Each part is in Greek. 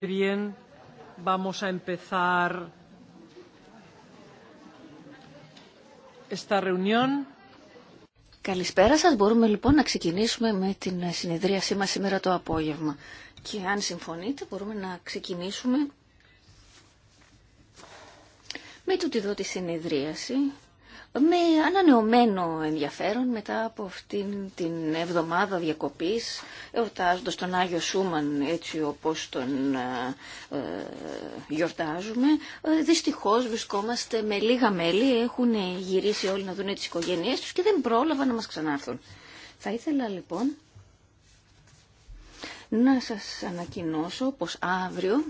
Καλησπέρα σας. Μπορούμε λοιπόν να ξεκινήσουμε με την συνεδρίασή μας σήμερα το απόγευμα. Και αν συμφωνείτε μπορούμε να ξεκινήσουμε με τούτη εδώ τη συνεδρίαση με ανανεωμένο ενδιαφέρον μετά από αυτήν την εβδομάδα διακοπής εορτάζοντας τον Άγιο Σούμαν έτσι όπως τον ε, ε, γιορτάζουμε ε, δυστυχώς βρισκόμαστε με λίγα μέλη έχουν γυρίσει όλοι να δουν τις οικογένειές τους και δεν πρόλαβα να μας ξανάρθουν θα ήθελα λοιπόν να σας ανακοινώσω πως αύριο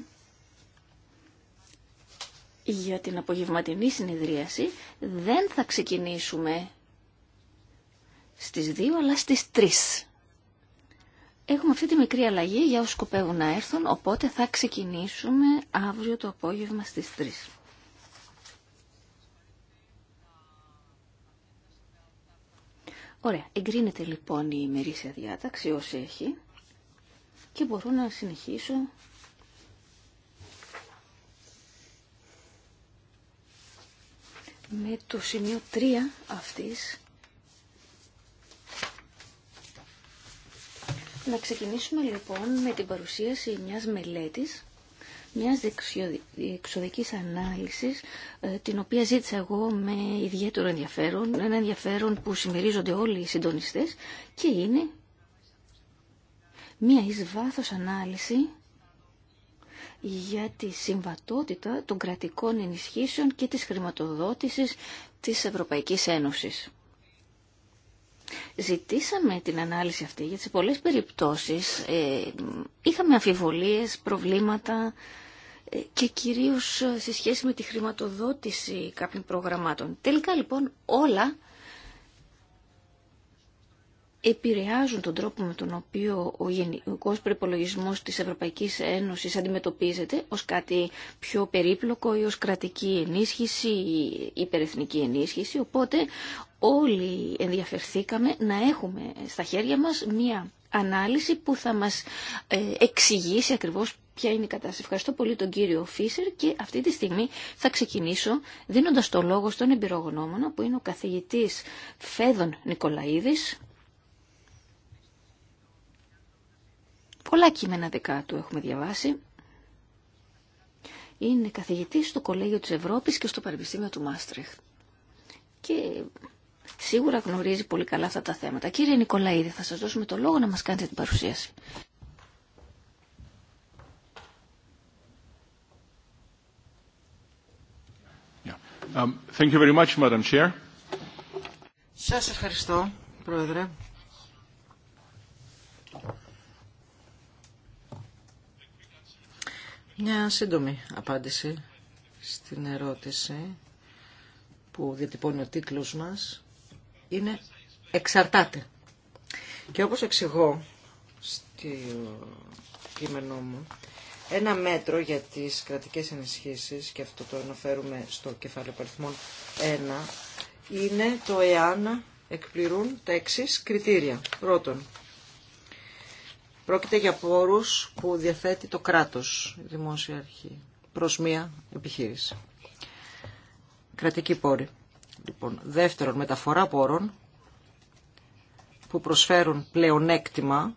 για την απογευματινή συνεδρίαση δεν θα ξεκινήσουμε στις 2 αλλά στις 3. Έχουμε αυτή τη μικρή αλλαγή για όσους σκοπεύουν να έρθουν, οπότε θα ξεκινήσουμε αύριο το απόγευμα στις 3. Ωραία, εγκρίνεται λοιπόν η ημερήσια διάταξη όσοι έχει και μπορώ να συνεχίσω με το σημείο 3 αυτής Να ξεκινήσουμε λοιπόν με την παρουσίαση μιας μελέτης, μιας εξοδικής ανάλυσης, ε, την οποία ζήτησα εγώ με ιδιαίτερο ενδιαφέρον, ένα ενδιαφέρον που συμμερίζονται όλοι οι συντονιστές και είναι μια εις ανάλυση για τη συμβατότητα των κρατικών ενισχύσεων και της χρηματοδότησης της Ευρωπαϊκής Ένωσης. Ζητήσαμε την ανάλυση αυτή γιατί σε πολλές περιπτώσεις ε, είχαμε αμφιβολίες, προβλήματα ε, και κυρίως σε σχέση με τη χρηματοδότηση κάποιων προγραμμάτων. Τελικά λοιπόν όλα επηρεάζουν τον τρόπο με τον οποίο ο γενικό προπολογισμό της Ευρωπαϊκής Ένωσης αντιμετωπίζεται ως κάτι πιο περίπλοκο ή ως κρατική ενίσχυση ή υπερεθνική ενίσχυση. Οπότε όλοι ενδιαφερθήκαμε να έχουμε στα χέρια μας μία ανάλυση που θα μας ε, εξηγήσει ακριβώς ποια είναι η κατάσταση. Ευχαριστώ πολύ τον κύριο Φίσερ και αυτή τη στιγμή θα ξεκινήσω δίνοντας το λόγο στον εμπειρογνώμονα που είναι ο καθηγητής Φέδων Νικολαίδης Πολλά κείμενα δικά του έχουμε διαβάσει. Είναι καθηγητής στο Κολέγιο της Ευρώπης και στο Πανεπιστήμιο του Μάστρεχ. Και σίγουρα γνωρίζει πολύ καλά αυτά τα θέματα. Κύριε Νικολαίδη, θα σας δώσουμε το λόγο να μας κάνετε την παρουσίαση. Um, thank Σας ευχαριστώ, Πρόεδρε. Μια σύντομη απάντηση στην ερώτηση που διατυπώνει ο τίτλος μας είναι «Εξαρτάται». Και όπως εξηγώ στο κείμενό μου, ένα μέτρο για τις κρατικές ενισχύσεις, και αυτό το αναφέρουμε στο κεφάλαιο παριθμών 1, είναι το εάν εκπληρούν τα εξής κριτήρια. Πρώτον, Πρόκειται για πόρους που διαθέτει το κράτος, η δημόσια αρχή, προς μία επιχείρηση. Κρατική πόρη. Λοιπόν, δεύτερον, μεταφορά πόρων που προσφέρουν πλεονέκτημα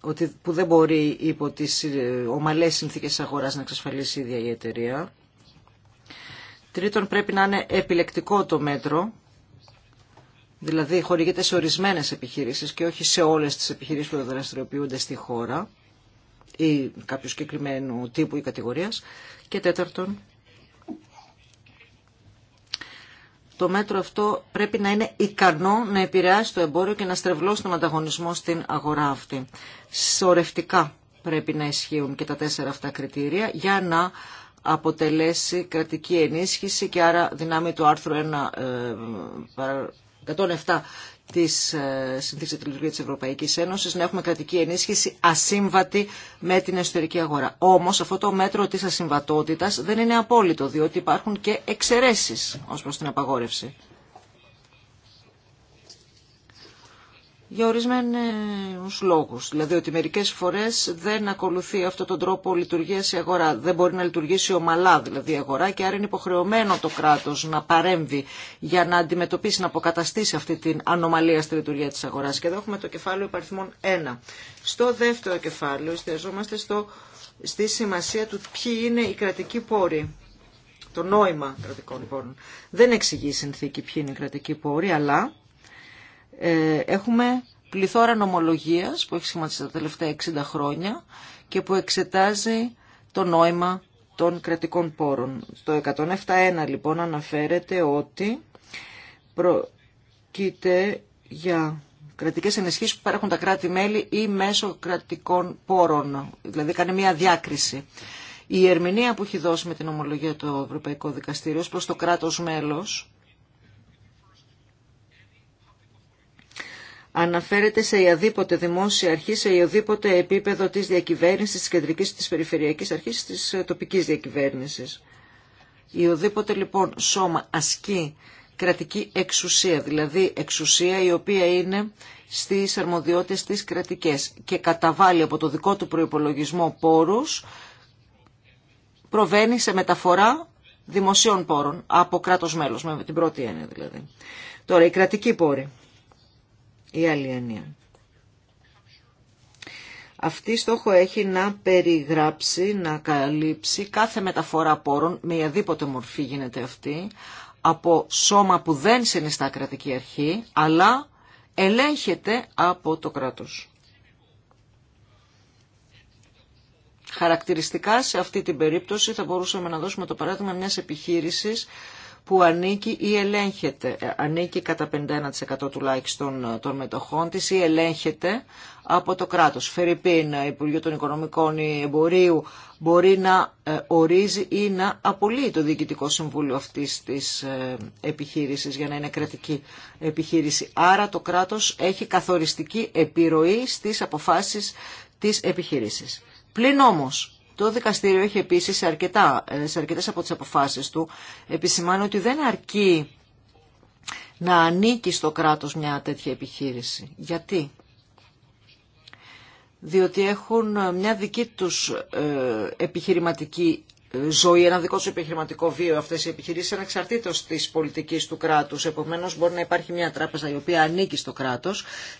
ότι, που δεν μπορεί υπό τις ε, ομαλές συνθήκες αγοράς να εξασφαλίσει η ίδια η εταιρεία. Τρίτον, πρέπει να είναι επιλεκτικό το μέτρο Δηλαδή χορηγείται σε ορισμένες επιχειρήσεις και όχι σε όλες τις επιχειρήσεις που δραστηριοποιούνται στη χώρα ή κάποιου συγκεκριμένου τύπου ή κατηγορίας. Και τέταρτον, το μέτρο αυτό πρέπει να είναι ικανό να επηρεάσει το εμπόριο και να στρεβλώσει τον ανταγωνισμό στην αγορά αυτή. Σορευτικά πρέπει να ισχύουν και τα τέσσερα αυτά κριτήρια για να αποτελέσει κρατική ενίσχυση και άρα δυνάμει του άρθρου 1 107 της ε, συνθήκης για τη Λειτουργία τη Ευρωπαϊκή να έχουμε κρατική ενίσχυση ασύμβατη με την εσωτερική αγορά. Όμως αυτό το μέτρο της ασυμβατότητας δεν είναι απόλυτο, διότι υπάρχουν και εξαιρέσεις ως προς την απαγόρευση. για ορισμένου λόγου. Δηλαδή ότι μερικέ φορέ δεν ακολουθεί αυτόν τον τρόπο λειτουργία η αγορά. Δεν μπορεί να λειτουργήσει ομαλά δηλαδή η αγορά και άρα είναι υποχρεωμένο το κράτο να παρέμβει για να αντιμετωπίσει, να αποκαταστήσει αυτή την ανομαλία στη λειτουργία τη αγορά. Και εδώ έχουμε το κεφάλαιο υπαριθμών 1. Στο δεύτερο κεφάλαιο εστιαζόμαστε στο, στη σημασία του ποιοι είναι οι κρατικοί πόροι το νόημα κρατικών πόρων. Δεν εξηγεί η συνθήκη ποιοι είναι οι κρατικοί πόροι, αλλά ε, έχουμε πληθώρα νομολογίας που έχει σχηματιστεί τα τελευταία 60 χρόνια και που εξετάζει το νόημα των κρατικών πόρων. Στο 171 λοιπόν αναφέρεται ότι προκείται για κρατικές ενισχύσεις που παρέχουν τα κράτη-μέλη ή μέσω κρατικών πόρων. Δηλαδή κάνει μια διάκριση. Η ερμηνεία που έχει δώσει με την ομολογία του Ευρωπαϊκό Δικαστήριο προς το κράτος μέλος αναφέρεται σε οδύποτε δημόσια αρχή, σε οδήποτε επίπεδο της διακυβέρνησης, της κεντρικής, της περιφερειακής αρχής, της ε, τοπικής διακυβέρνησης. Η οδήποτε λοιπόν σώμα ασκεί κρατική εξουσία, δηλαδή εξουσία η οποία είναι στις αρμοδιότητες της κρατικές και καταβάλει από το δικό του προϋπολογισμό πόρους, προβαίνει σε μεταφορά δημοσίων πόρων από κράτος μέλος, με την πρώτη έννοια δηλαδή. Τώρα, οι κρατικοί πόροι η Αυτή στόχο έχει να περιγράψει, να καλύψει κάθε μεταφορά πόρων, με οποιαδήποτε μορφή γίνεται αυτή, από σώμα που δεν συνιστά κρατική αρχή, αλλά ελέγχεται από το κράτος. Χαρακτηριστικά σε αυτή την περίπτωση θα μπορούσαμε να δώσουμε το παράδειγμα μιας επιχείρησης που ανήκει ή ελέγχεται, ε, ανήκει κατά 51% τουλάχιστον ε, των μετοχών της ή ελέγχεται από το κράτος. Φερρυπίν, ε, Υπουργείο των Οικονομικών ή Εμπορίου μπορεί να ορίζει ή να απολύει το Διοικητικό Συμβούλιο αυτής της επιχείρησης για να είναι κρατική επιχείρηση. Άρα το κράτος έχει καθοριστική επιρροή στις αποφάσεις της επιχείρησης. Πλην όμως το δικαστήριο έχει επίσης σε, αρκετά, ε, σε αρκετές από τις αποφάσεις του επισημάνει ότι δεν αρκεί να ανήκει στο κράτος μια τέτοια επιχείρηση. Γιατί? Διότι έχουν μια δική τους ε, επιχειρηματική ε, ζωή, ένα δικό του επιχειρηματικό βίο αυτέ οι επιχειρήσει ανεξαρτήτω της πολιτική του κράτου. Επομένω, μπορεί να υπάρχει μια τράπεζα η οποία ανήκει στο κράτο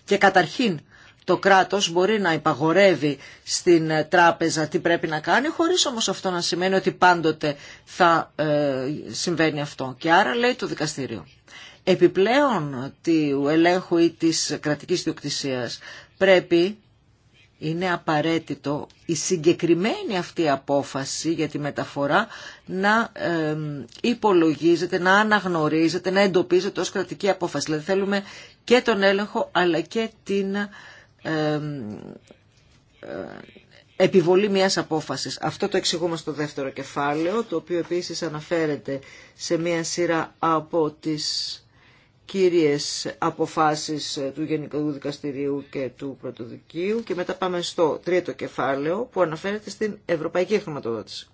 και καταρχήν το κράτος μπορεί να υπαγορεύει στην ε, τράπεζα τι πρέπει να κάνει, χωρίς όμως αυτό να σημαίνει ότι πάντοτε θα ε, συμβαίνει αυτό. Και άρα λέει το δικαστήριο. Επιπλέον του ελέγχου ή της κρατικής διοκτησίας πρέπει είναι απαραίτητο η συγκεκριμένη αυτή απόφαση για τη μεταφορά να ε, υπολογίζεται, να αναγνωρίζεται, να εντοπίζεται ως κρατική απόφαση. Δηλαδή θέλουμε και τον έλεγχο αλλά και την ε, επιβολή μιας απόφασης. Αυτό το εξηγούμε στο δεύτερο κεφάλαιο, το οποίο επίσης αναφέρεται σε μια σειρά από τις κύριες αποφάσεις ε, του Γενικού Δικαστηρίου και του Πρωτοδικίου και μετά πάμε στο τρίτο κεφάλαιο που αναφέρεται στην Ευρωπαϊκή Χρηματοδότηση.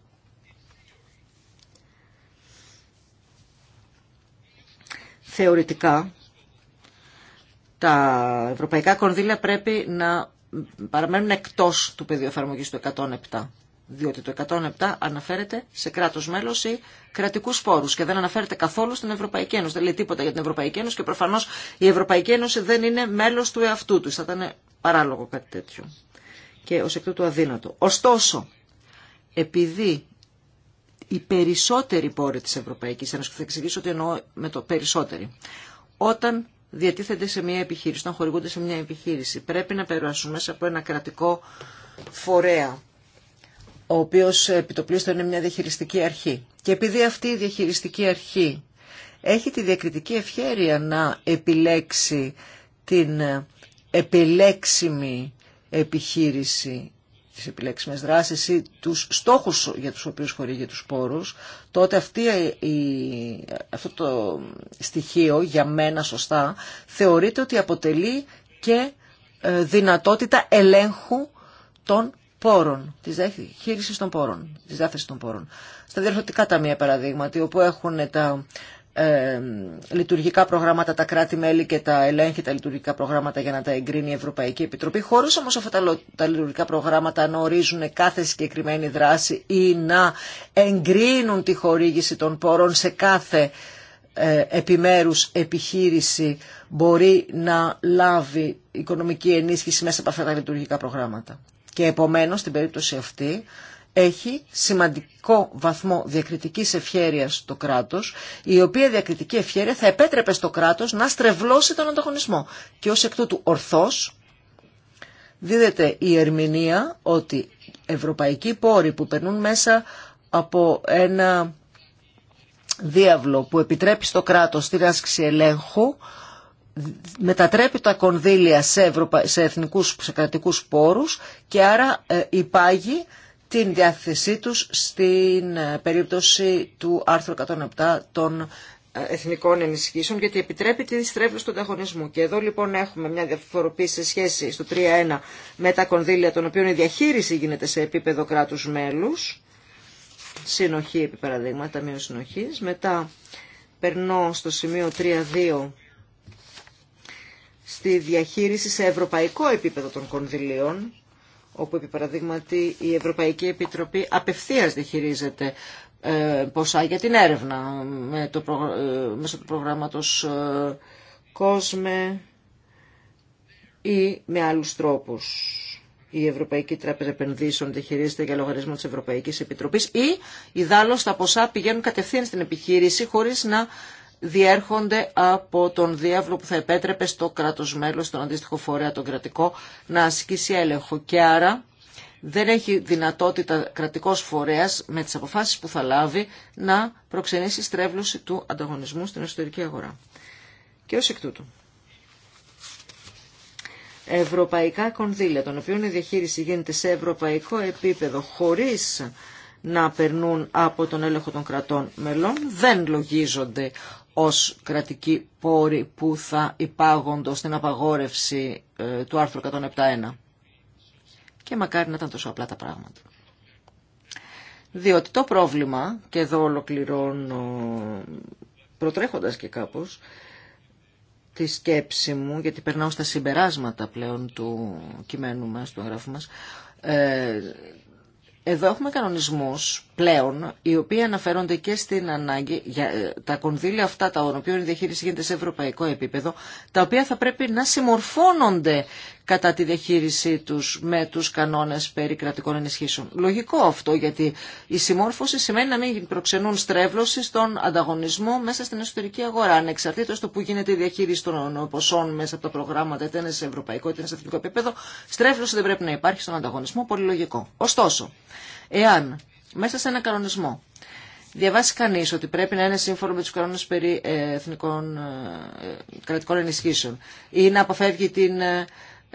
Θεωρητικά, τα ευρωπαϊκά κονδύλια πρέπει να παραμένουν εκτός του πεδίου εφαρμογής του 107 διότι το 107 αναφέρεται σε κράτος μέλο ή κρατικού πόρου και δεν αναφέρεται καθόλου στην Ευρωπαϊκή Ένωση. Δεν λέει τίποτα για την Ευρωπαϊκή Ένωση και προφανώς η Ευρωπαϊκή Ένωση δεν είναι μέλος του εαυτού του. Θα ήταν παράλογο κάτι τέτοιο και ως εκ τούτου αδύνατο. Ωστόσο, επειδή οι περισσότεροι πόροι της Ευρωπαϊκή Ένωση, και θα εξηγήσω ότι εννοώ με το περισσότεροι, όταν διατίθενται σε μια επιχείρηση, όταν χορηγούνται σε μια επιχείρηση, πρέπει να περάσουν μέσα από ένα κρατικό φορέα, ο οποίος επιτοπλίστων είναι μια διαχειριστική αρχή. Και επειδή αυτή η διαχειριστική αρχή έχει τη διακριτική ευχέρεια να επιλέξει την ε, επιλέξιμη επιχείρηση τις επιλέξιμες δράσεις ή τους στόχους για τους οποίους χορηγεί τους πόρους, τότε αυτή η, αυτό το στοιχείο για μένα σωστά θεωρείται ότι αποτελεί και ε, δυνατότητα ελέγχου των πόρων, της διαχείρισης των πόρων, της διάθεσης των πόρων. Στα τα ταμεία παραδείγματι, όπου έχουν τα λειτουργικά προγράμματα τα κράτη-μέλη και τα ελέγχει τα λειτουργικά προγράμματα για να τα εγκρίνει η Ευρωπαϊκή Επιτροπή, χωρί όμω αυτά τα λειτουργικά προγράμματα να ορίζουν κάθε συγκεκριμένη δράση ή να εγκρίνουν τη χορήγηση των πόρων σε κάθε ε, επιμέρους επιχείρηση μπορεί να λάβει οικονομική ενίσχυση μέσα από αυτά τα λειτουργικά προγράμματα. Και επομένως, στην περίπτωση αυτή, έχει σημαντικό βαθμό διακριτικής ευχέρειας το κράτος, η οποία διακριτική ευχέρεια θα επέτρεπε στο κράτος να στρεβλώσει τον ανταγωνισμό. Και ως εκ τούτου ορθώς δίδεται η ερμηνεία ότι ευρωπαϊκοί πόροι που περνούν μέσα από ένα διάβλο που επιτρέπει στο κράτος την άσκηση ελέγχου, μετατρέπει τα κονδύλια σε, ευρωπα... σε εθνικούς, σε κρατικούς πόρους και άρα ε, υπάγει την διάθεσή τους στην ε, περίπτωση του άρθρου 107 των ε, εθνικών ενισχύσεων γιατί επιτρέπει τη στρέβλωση του ανταγωνισμού. Και εδώ λοιπόν έχουμε μια διαφοροποίηση σε σχέση στο 3.1 με τα κονδύλια των οποίων η διαχείριση γίνεται σε επίπεδο κράτους μέλους. Συνοχή επί παραδείγμα, Ταμείο Συνοχής. Μετά περνώ στο σημειο 3.2 στη διαχείριση σε ευρωπαϊκό επίπεδο των κονδυλίων όπου επί παραδείγματι η Ευρωπαϊκή Επιτροπή απευθείας διχειρίζεται ε, ποσά για την έρευνα με το ε, μέσω του προγράμματος COSME ε, ή με άλλους τρόπους. Η Ευρωπαϊκή Τράπεζα Επενδύσεων διχειρίζεται για λογαριασμό της Ευρωπαϊκής Επιτροπής ή ιδάλλως τα ποσά πηγαίνουν κατευθείαν στην επιχείρηση χωρίς να διέρχονται από τον διάβλο που θα επέτρεπε στο κράτος μέλος, στον αντίστοιχο φορέα, τον κρατικό, να ασκήσει έλεγχο. Και άρα δεν έχει δυνατότητα κρατικός φορέας με τις αποφάσεις που θα λάβει να προξενήσει στρέβλωση του ανταγωνισμού στην εσωτερική αγορά. Και ως εκ τούτου. Ευρωπαϊκά κονδύλια, των οποίων η διαχείριση γίνεται σε ευρωπαϊκό επίπεδο χωρίς να περνούν από τον έλεγχο των κρατών μελών, δεν λογίζονται ως κρατική πόροι που θα υπάγονται στην απαγόρευση ε, του άρθρου 171. Και μακάρι να ήταν τόσο απλά τα πράγματα. Διότι το πρόβλημα, και εδώ ολοκληρώνω προτρέχοντας και κάπως, τη σκέψη μου, γιατί περνάω στα συμπεράσματα πλέον του κειμένου μας, του εγγράφου μας, ε, εδώ έχουμε κανονισμούς πλέον, οι οποίοι αναφέρονται και στην ανάγκη για ε, τα κονδύλια αυτά, τα οποία η διαχείριση γίνεται σε ευρωπαϊκό επίπεδο, τα οποία θα πρέπει να συμμορφώνονται κατά τη διαχείρισή τους με τους κανόνες περί κρατικών ενισχύσεων. Λογικό αυτό γιατί η συμμόρφωση σημαίνει να μην προξενούν στρέβλωση στον ανταγωνισμό μέσα στην εσωτερική αγορά ανεξαρτήτως το που γίνεται η διαχείριση των ποσών μέσα από τα προγράμματα είτε είναι σε ευρωπαϊκό είτε είναι σε εθνικό επίπεδο στρέβλωση δεν πρέπει να υπάρχει στον ανταγωνισμό, πολύ λογικό. Ωστόσο, εάν μέσα σε ένα κανονισμό διαβάσει κανεί ότι πρέπει να είναι σύμφωνο με του κανόνε περί ε, εθνικών ε, κρατικών ενισχύσεων ή να αποφεύγει την ε,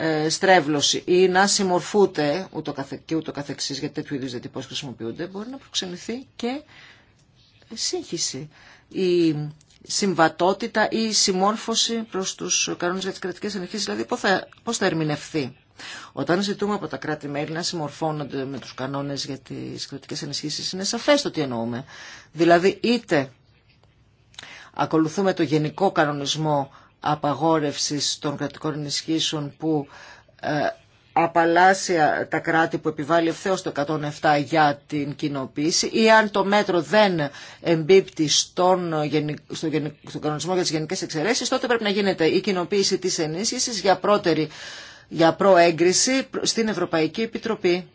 ε, στρέβλωση ή να συμμορφούνται ούτω καθε, ούτω καθεξής, γιατί τέτοιου είδους διατυπώσεις χρησιμοποιούνται, μπορεί να προξενηθεί και σύγχυση. Η συμβατότητα ή η συμμόρφωση προς τους κανόνες για τις κρατικές ενισχύσει. δηλαδή πώς θα, πώς θα ερμηνευθεί. Όταν ζητούμε από τα κράτη-μέλη να συμμορφώνονται με τους κανόνες για τις κρατικές ενισχύσεις, είναι σαφές το τι εννοούμε. Δηλαδή είτε ακολουθούμε το γενικό κανονισμό απαγόρευσης των κρατικών ενισχύσεων που ε, απαλλάσσει τα κράτη που επιβάλλει ευθέω το 107 για την κοινοποίηση ή αν το μέτρο δεν εμπίπτει στον, στον, στον κανονισμό για τις γενικές εξαιρέσεις τότε πρέπει να γίνεται η κοινοποίηση της ενίσχυσης για, πρώτερη, για προέγκριση στην Ευρωπαϊκή Επιτροπή.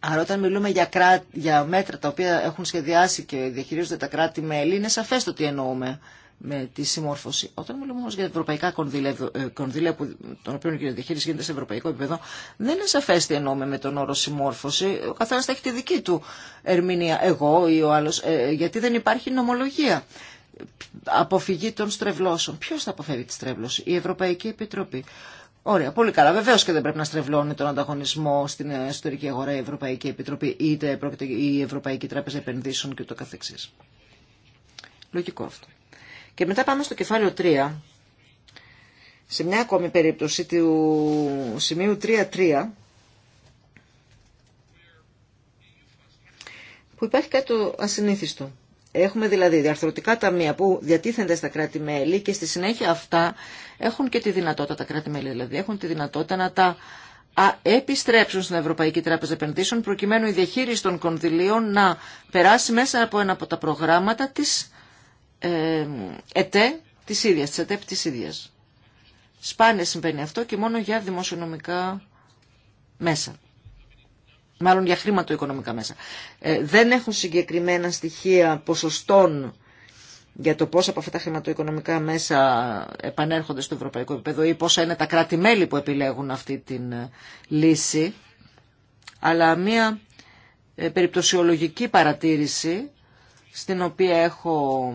Άρα όταν μιλούμε για, κρά... για μέτρα τα οποία έχουν σχεδιάσει και διαχειρίζονται τα κράτη-μέλη είναι σαφές το τι εννοούμε με τη συμμόρφωση. Όταν μιλούμε όμω για ευρωπαϊκά ε, κονδύλια, που, των οποίων η διαχείριση γίνεται σε ευρωπαϊκό επίπεδο, δεν είναι σαφέ τι εννοούμε με τον όρο συμμόρφωση. Ο καθένα θα έχει τη δική του ερμηνεία, εγώ ή ο άλλο, ε, γιατί δεν υπάρχει νομολογία. Αποφυγή των στρεβλώσεων. Ποιο θα αποφεύγει τη στρέβλωση, η Ευρωπαϊκή Επιτροπή. Ωραία, πολύ καλά. Βεβαίω και δεν πρέπει να στρεβλώνει τον ανταγωνισμό στην εσωτερική αγορά η Ευρωπαϊκή Επιτροπή, είτε η Ευρωπαϊκή Τράπεζα Επενδύσεων και Λογικό αυτό. Και μετά πάμε στο κεφάλαιο 3, σε μια ακόμη περίπτωση του σημείου 3-3, που υπάρχει κάτι το ασυνήθιστο. Έχουμε δηλαδή διαρθρωτικά ταμεία που διατίθενται στα κράτη-μέλη και στη συνέχεια αυτά έχουν και τη δυνατότητα, τα κράτη-μέλη δηλαδή, έχουν τη δυνατότητα να τα επιστρέψουν στην Ευρωπαϊκή Τράπεζα Επενδύσεων προκειμένου η διαχείριση των κονδυλίων να περάσει μέσα από ένα από τα προγράμματα της ε, ΕΤΕ της ίδιας, της ΕΤΕΠ της ίδιας. Σπάνια συμβαίνει αυτό και μόνο για δημοσιονομικά μέσα. Μάλλον για χρηματοοικονομικά μέσα. Ε, δεν έχουν συγκεκριμένα στοιχεία ποσοστών για το πόσα από αυτά τα χρηματοοικονομικά μέσα επανέρχονται στο ευρωπαϊκό επίπεδο ή πόσα είναι τα κράτη-μέλη που επιλέγουν αυτή την ε, λύση, αλλά μία περιπτωσιολογική παρατήρηση στην οποία έχω,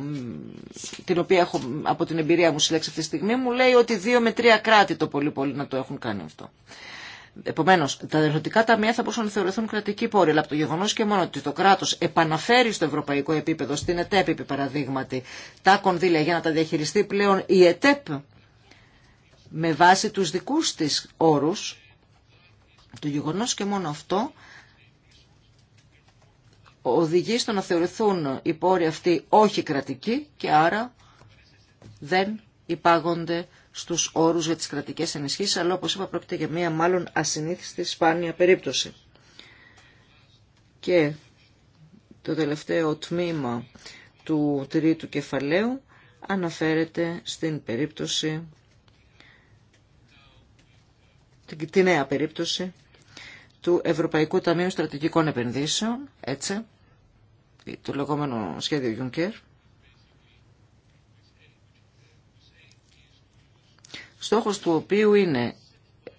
την οποία έχω από την εμπειρία μου συλλέξει αυτή τη στιγμή, μου λέει ότι δύο με τρία κράτη το πολύ πολύ να το έχουν κάνει αυτό. Επομένω, τα τα ταμεία θα μπορούσαν να θεωρηθούν κρατική πόροι. αλλά από το γεγονό και μόνο ότι το κράτο επαναφέρει στο ευρωπαϊκό επίπεδο, στην ΕΤΕΠ, επί παραδείγματι, τα κονδύλια για να τα διαχειριστεί πλέον η ΕΤΕΠ με βάση του δικού τη όρου, το γεγονό και μόνο αυτό οδηγεί στο να θεωρηθούν οι πόροι αυτοί όχι κρατικοί και άρα δεν υπάγονται στους όρους για τις κρατικές ενισχύσεις, αλλά όπως είπα πρόκειται για μία μάλλον ασυνήθιστη σπάνια περίπτωση. Και το τελευταίο τμήμα του τρίτου κεφαλαίου αναφέρεται στην περίπτωση, την νέα περίπτωση του Ευρωπαϊκού Ταμείου Στρατηγικών Επενδύσεων, έτσι, το λεγόμενο σχέδιο Juncker, στόχος του οποίου είναι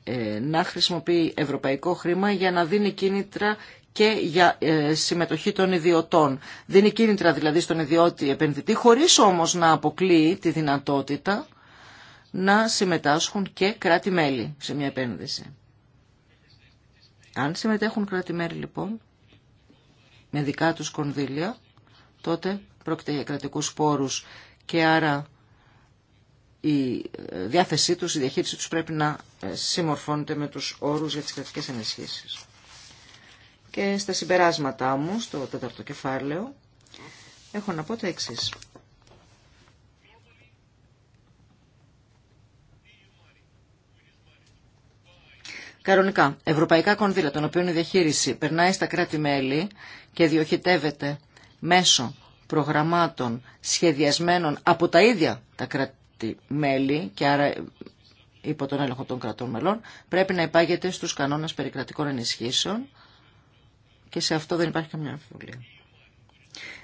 ε, να χρησιμοποιεί ευρωπαϊκό χρήμα για να δίνει κίνητρα και για ε, συμμετοχή των ιδιωτών. Δίνει κίνητρα δηλαδή στον ιδιώτη επενδυτή, χωρίς όμως να αποκλείει τη δυνατότητα να συμμετάσχουν και κράτη-μέλη σε μια επένδυση. Αν συμμετέχουν κράτη-μέρη λοιπόν με δικά τους κονδύλια, τότε πρόκειται για κρατικούς πόρους και άρα η ε, διάθεσή τους, η διαχείριση τους πρέπει να ε, συμμορφώνεται με τους όρους για τις κρατικές ενισχύσεις. Και στα συμπεράσματά μου, στο τέταρτο κεφάλαιο, έχω να πω τα εξής. Καρονικά, ευρωπαϊκά κονδύλα, των οποίων η διαχείριση περνάει στα κράτη-μέλη και διοχετεύεται μέσω προγραμμάτων σχεδιασμένων από τα ίδια τα κράτη-μέλη και άρα υπό τον έλεγχο των κρατών μελών, πρέπει να υπάγεται στους κανόνες περικρατικών ενισχύσεων και σε αυτό δεν υπάρχει καμιά αμφιβολία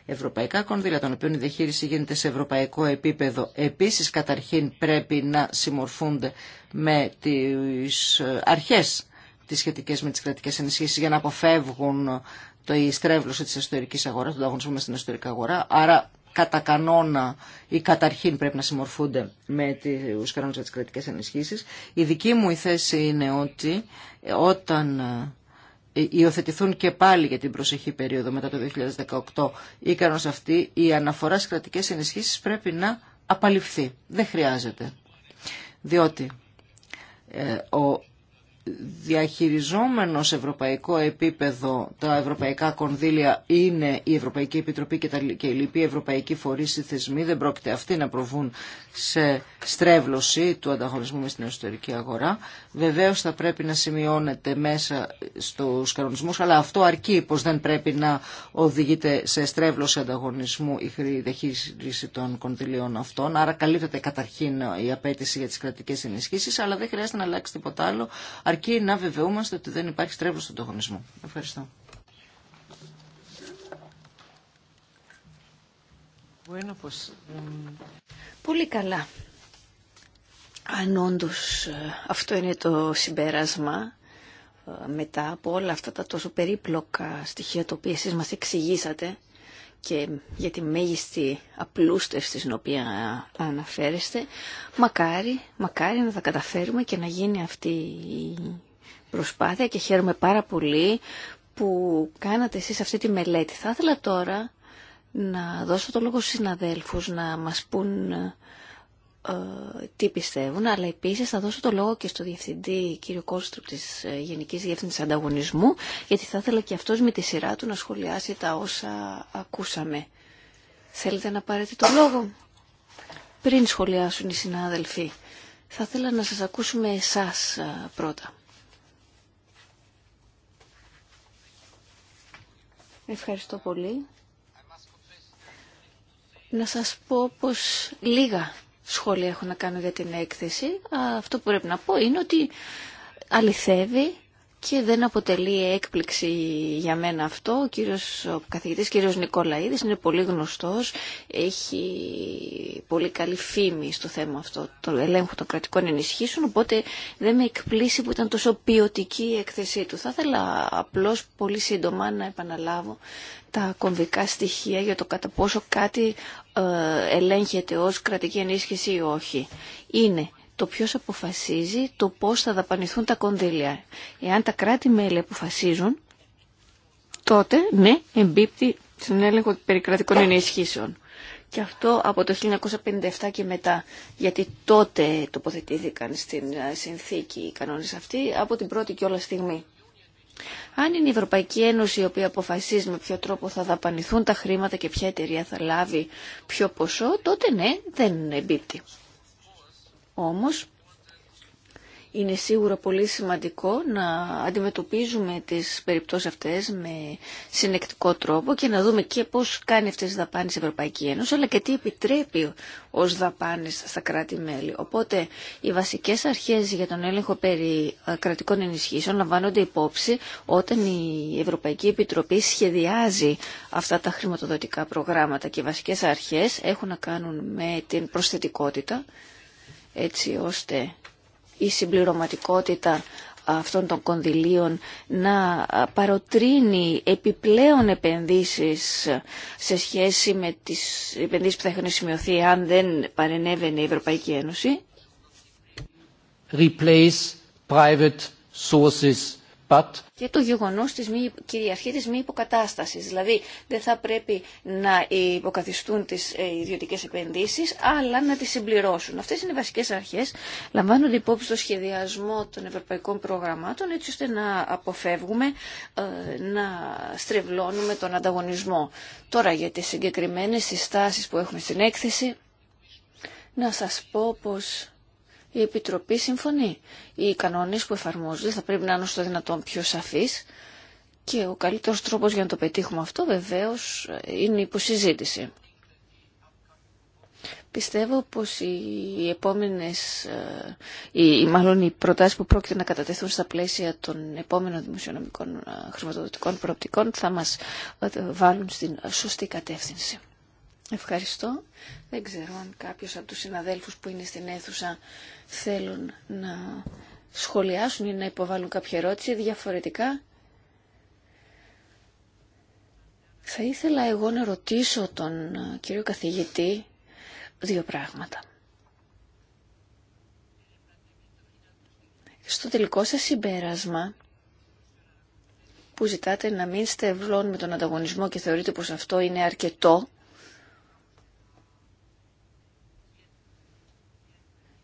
ευρωπαϊκά κονδύλια, των οποίων η διαχείριση γίνεται σε ευρωπαϊκό επίπεδο, επίσης καταρχήν πρέπει να συμμορφούνται με τις ε, αρχές τις σχετικές με τις κρατικές ενισχύσεις για να αποφεύγουν το, η στρέβλωση της εσωτερικής αγοράς, τον ανταγωνισμό στην εσωτερική αγορά. Άρα κατά κανόνα ή καταρχήν πρέπει να συμμορφούνται με τους κανόνες για τι κρατικέ ενισχύσεις. Η δική μου η θέση είναι ότι ε, όταν ε, υιοθετηθούν και πάλι για την προσεχή περίοδο μετά το 2018 Ήκανος αυτή η αναφορά στις κρατικές ενισχύσεις πρέπει να απαλληφθεί. Δεν χρειάζεται. Διότι ε, ο διαχειριζόμενος ευρωπαϊκό επίπεδο τα ευρωπαϊκά κονδύλια είναι η Ευρωπαϊκή Επιτροπή και, τα, και οι λοιποί ευρωπαϊκοί φορείς ή θεσμοί δεν πρόκειται αυτοί να προβούν σε στρέβλωση του ανταγωνισμού με στην εσωτερική αγορά. Βεβαίω θα πρέπει να σημειώνεται μέσα στου κανονισμού, αλλά αυτό αρκεί πως δεν πρέπει να οδηγείται σε στρέβλωση ανταγωνισμού η διαχείριση των κονδυλίων αυτών. Άρα καλύπτεται καταρχήν η απέτηση για τι κρατικέ ενισχύσει, αλλά δεν χρειάζεται να αλλάξει τίποτα άλλο, αρκεί να βεβαιούμαστε ότι δεν υπάρχει στρέβλωση του ανταγωνισμού. Ευχαριστώ. Mm, πολύ καλά. Αν όντω ε, αυτό είναι το συμπέρασμα, ε, μετά από όλα αυτά τα τόσο περίπλοκα στοιχεία τα οποία εσείς μας εξηγήσατε και για τη μέγιστη απλούστευση στην οποία αναφέρεστε, μακάρι, μακάρι να τα καταφέρουμε και να γίνει αυτή η προσπάθεια και χαίρομαι πάρα πολύ που κάνατε εσείς αυτή τη μελέτη. Θα ήθελα τώρα να δώσω το λόγο στους συναδέλφους να μας πούν ε, τι πιστεύουν, αλλά επίσης θα δώσω το λόγο και στο Διευθυντή κύριο Κόστρουπ της ε, Γενικής Διεύθυνσης Ανταγωνισμού, γιατί θα ήθελα και αυτός με τη σειρά του να σχολιάσει τα όσα ακούσαμε. Θέλετε να πάρετε το λόγο πριν σχολιάσουν οι συνάδελφοι. Θα ήθελα να σας ακούσουμε εσάς ε, πρώτα. Ευχαριστώ πολύ να σας πω πως λίγα σχόλια έχω να κάνω για την έκθεση. Αυτό που πρέπει να πω είναι ότι αληθεύει και δεν αποτελεί έκπληξη για μένα αυτό. Ο, κύριος, ο καθηγητής κύριος Νικολαίδης είναι πολύ γνωστός, έχει πολύ καλή φήμη στο θέμα αυτό το ελέγχου των κρατικών ενισχύσεων, οπότε δεν με εκπλήσει που ήταν τόσο ποιοτική η έκθεσή του. Θα ήθελα απλώς πολύ σύντομα να επαναλάβω τα κομβικά στοιχεία για το κατά πόσο κάτι ε, ελέγχεται ως κρατική ενίσχυση ή όχι. Είναι το ποιος αποφασίζει το πώς θα δαπανηθούν τα κονδύλια. Εάν τα κράτη-μέλη αποφασίζουν, τότε ναι, εμπίπτει στον έλεγχο περικρατικών ενισχύσεων. Και αυτό από το 1957 και μετά, γιατί τότε τοποθετήθηκαν στην ε, συνθήκη οι κανόνες αυτοί από την πρώτη και όλα στιγμή. Αν είναι η Ευρωπαϊκή Ένωση η οποία αποφασίζει με ποιο τρόπο θα δαπανηθούν τα χρήματα και ποια εταιρεία θα λάβει ποιο ποσό, τότε ναι, δεν εμπίπτει. Όμως, είναι σίγουρα πολύ σημαντικό να αντιμετωπίζουμε τις περιπτώσεις αυτές με συνεκτικό τρόπο και να δούμε και πώς κάνει αυτές τις δαπάνες η Ευρωπαϊκή Ένωση, αλλά και τι επιτρέπει ως δαπάνες στα κράτη-μέλη. Οπότε οι βασικές αρχές για τον έλεγχο περί ε, κρατικών ενισχύσεων λαμβάνονται υπόψη όταν η Ευρωπαϊκή Επιτροπή σχεδιάζει αυτά τα χρηματοδοτικά προγράμματα και οι βασικές αρχές έχουν να κάνουν με την προσθετικότητα, έτσι ώστε η συμπληρωματικότητα αυτών των κονδυλίων να παροτρύνει επιπλέον επενδύσεις σε σχέση με τις επενδύσεις που θα έχουν σημειωθεί αν δεν παρενέβαινε η Ευρωπαϊκή Ένωση. Replace private But... και το γεγονό της μη, κυριαρχή της μη υποκατάστασης. Δηλαδή δεν θα πρέπει να υποκαθιστούν τις ε, ιδιωτικέ επενδύσεις αλλά να τις συμπληρώσουν. Αυτές είναι οι βασικές αρχές. Λαμβάνονται υπόψη στο σχεδιασμό των ευρωπαϊκών προγραμμάτων έτσι ώστε να αποφεύγουμε ε, να στρεβλώνουμε τον ανταγωνισμό. Τώρα για τις συγκεκριμένες συστάσεις που έχουμε στην έκθεση να σας πω πως η Επιτροπή συμφωνεί. Οι κανόνες που εφαρμόζονται θα πρέπει να είναι στο δυνατόν πιο σαφείς και ο καλύτερος τρόπος για να το πετύχουμε αυτό βεβαίως είναι η υποσυζήτηση. Πιστεύω πως οι επόμενες, ε, οι, μάλλον οι προτάσεις που πρόκειται να κατατεθούν στα πλαίσια των επόμενων δημοσιονομικών ε, χρηματοδοτικών προοπτικών θα μας ε, βάλουν στην σωστή κατεύθυνση. Ευχαριστώ. Δεν ξέρω αν κάποιος από τους συναδέλφους που είναι στην αίθουσα θέλουν να σχολιάσουν ή να υποβάλουν κάποια ερώτηση διαφορετικά. Θα ήθελα εγώ να ρωτήσω τον κύριο καθηγητή δύο πράγματα. Στο τελικό σας συμπέρασμα που ζητάτε να μην στευλώνουμε τον ανταγωνισμό και θεωρείτε πως αυτό είναι αρκετό,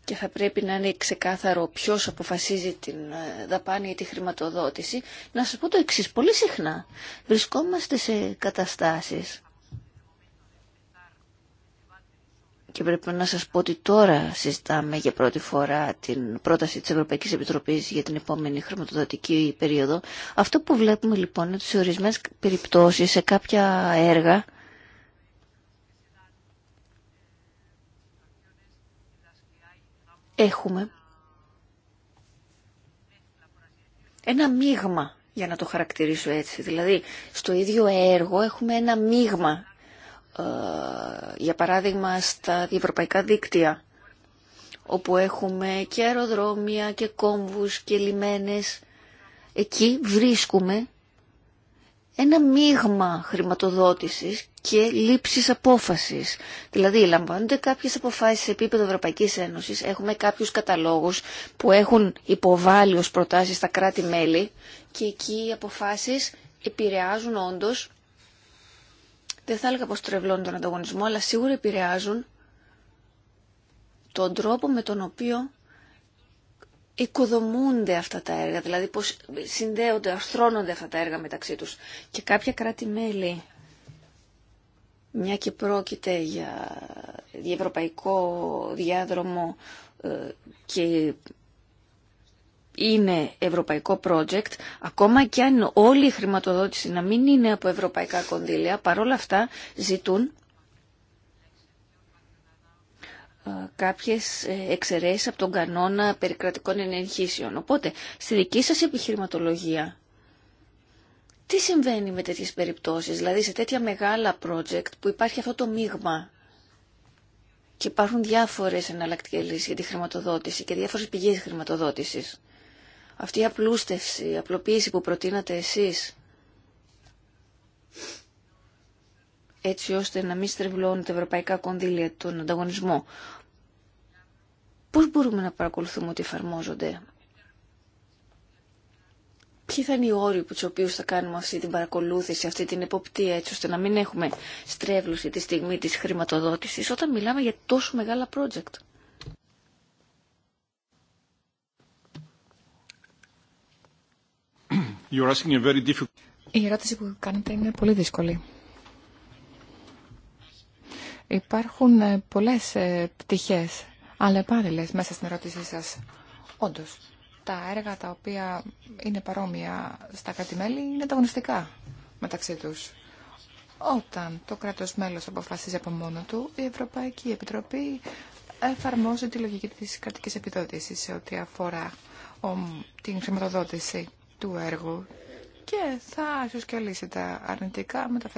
και θα πρέπει να είναι ξεκάθαρο ποιο αποφασίζει την ε, δαπάνη ή τη χρηματοδότηση, να σας πω το εξή Πολύ συχνά βρισκόμαστε σε καταστάσεις και πρέπει να σας πω ότι τώρα συζητάμε για πρώτη φορά την πρόταση της Ευρωπαϊκής Επιτροπής για την επόμενη χρηματοδοτική περίοδο. Αυτό που βλέπουμε λοιπόν είναι ότι σε ορισμένες περιπτώσεις, σε κάποια έργα, έχουμε ένα μείγμα, για να το χαρακτηρίσω έτσι. Δηλαδή, στο ίδιο έργο έχουμε ένα μείγμα. Ε, για παράδειγμα, στα ευρωπαϊκά δίκτυα, όπου έχουμε και αεροδρόμια και κόμβους και λιμένες. Εκεί βρίσκουμε ένα μείγμα χρηματοδότησης και λήψης απόφασης. Δηλαδή, λαμβάνονται κάποιες αποφάσεις σε επίπεδο Ευρωπαϊκής Ένωσης, έχουμε κάποιους καταλόγους που έχουν υποβάλει ως προτάσεις τα κράτη-μέλη και εκεί οι αποφάσεις επηρεάζουν όντως, δεν θα έλεγα πως τρευλώνουν τον ανταγωνισμό, αλλά σίγουρα επηρεάζουν τον τρόπο με τον οποίο οικοδομούνται αυτά τα έργα, δηλαδή πώς συνδέονται, αρθρώνονται αυτά τα έργα μεταξύ τους. Και κάποια κράτη-μέλη, μια και πρόκειται για ευρωπαϊκό διάδρομο ε, και είναι ευρωπαϊκό project, ακόμα και αν όλη η χρηματοδότηση να μην είναι από ευρωπαϊκά κονδύλια, παρόλα αυτά ζητούν ε, κάποιες ε, εξαιρέσεις από τον κανόνα περικρατικών ενεργήσεων. Οπότε, στη δική σας επιχειρηματολογία, τι συμβαίνει με τέτοιες περιπτώσεις, δηλαδή σε τέτοια μεγάλα project που υπάρχει αυτό το μείγμα και υπάρχουν διάφορες εναλλακτικές λύσεις για τη χρηματοδότηση και διάφορες πηγές χρηματοδότησης. Αυτή η απλούστευση, η απλοποίηση που προτείνατε εσείς, έτσι ώστε να μην στρεβλώνουν τα ευρωπαϊκά κονδύλια τον ανταγωνισμό. Πώς μπορούμε να παρακολουθούμε ότι εφαρμόζονται. Ποιοι θα είναι οι όροι που τους οποίου θα κάνουμε αυτή την παρακολούθηση, αυτή την εποπτεία, έτσι ώστε να μην έχουμε στρέβλωση τη στιγμή της χρηματοδότησης, όταν μιλάμε για τόσο μεγάλα project. Η ερώτηση που κάνετε είναι πολύ δύσκολη. Υπάρχουν ε, πολλές ε, πτυχές αλλεπάλληλες μέσα στην ερώτησή σας. Όντως, τα έργα τα οποία είναι παρόμοια στα κράτη-μέλη είναι ανταγωνιστικά μεταξύ τους. Όταν το κράτος μέλος αποφασίζει από μόνο του, η Ευρωπαϊκή Επιτροπή εφαρμόζει τη λογική της κρατικής επιδότησης σε ό,τι αφορά την χρηματοδότηση του έργου και θα λύσει τα αρνητικά με τα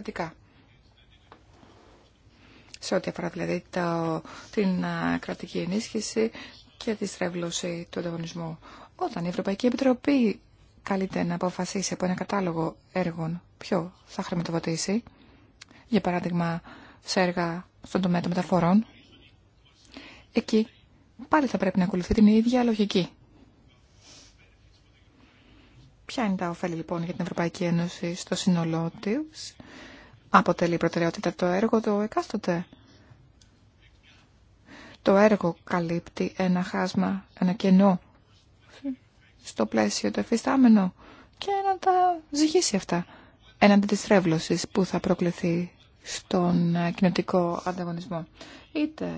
σε ό,τι αφορά δηλαδή την κρατική ενίσχυση και τη στρέβλωση του ανταγωνισμού. Όταν η Ευρωπαϊκή Επιτροπή καλείται να αποφασίσει από ένα κατάλογο έργων ποιο θα χρηματοδοτήσει, για παράδειγμα σε έργα στον τομέα των μεταφορών, εκεί πάλι θα πρέπει να ακολουθεί την ίδια λογική. Ποια είναι τα ωφέλη λοιπόν για την Ευρωπαϊκή Ένωση στο σύνολό τη αποτελεί προτεραιότητα το έργο του εκάστοτε. Το έργο καλύπτει ένα χάσμα, ένα κενό στο πλαίσιο του εφιστάμενο και να τα ζυγίσει αυτά έναντι της ρεύλωσης που θα προκληθεί στον κοινωτικό ανταγωνισμό. Είτε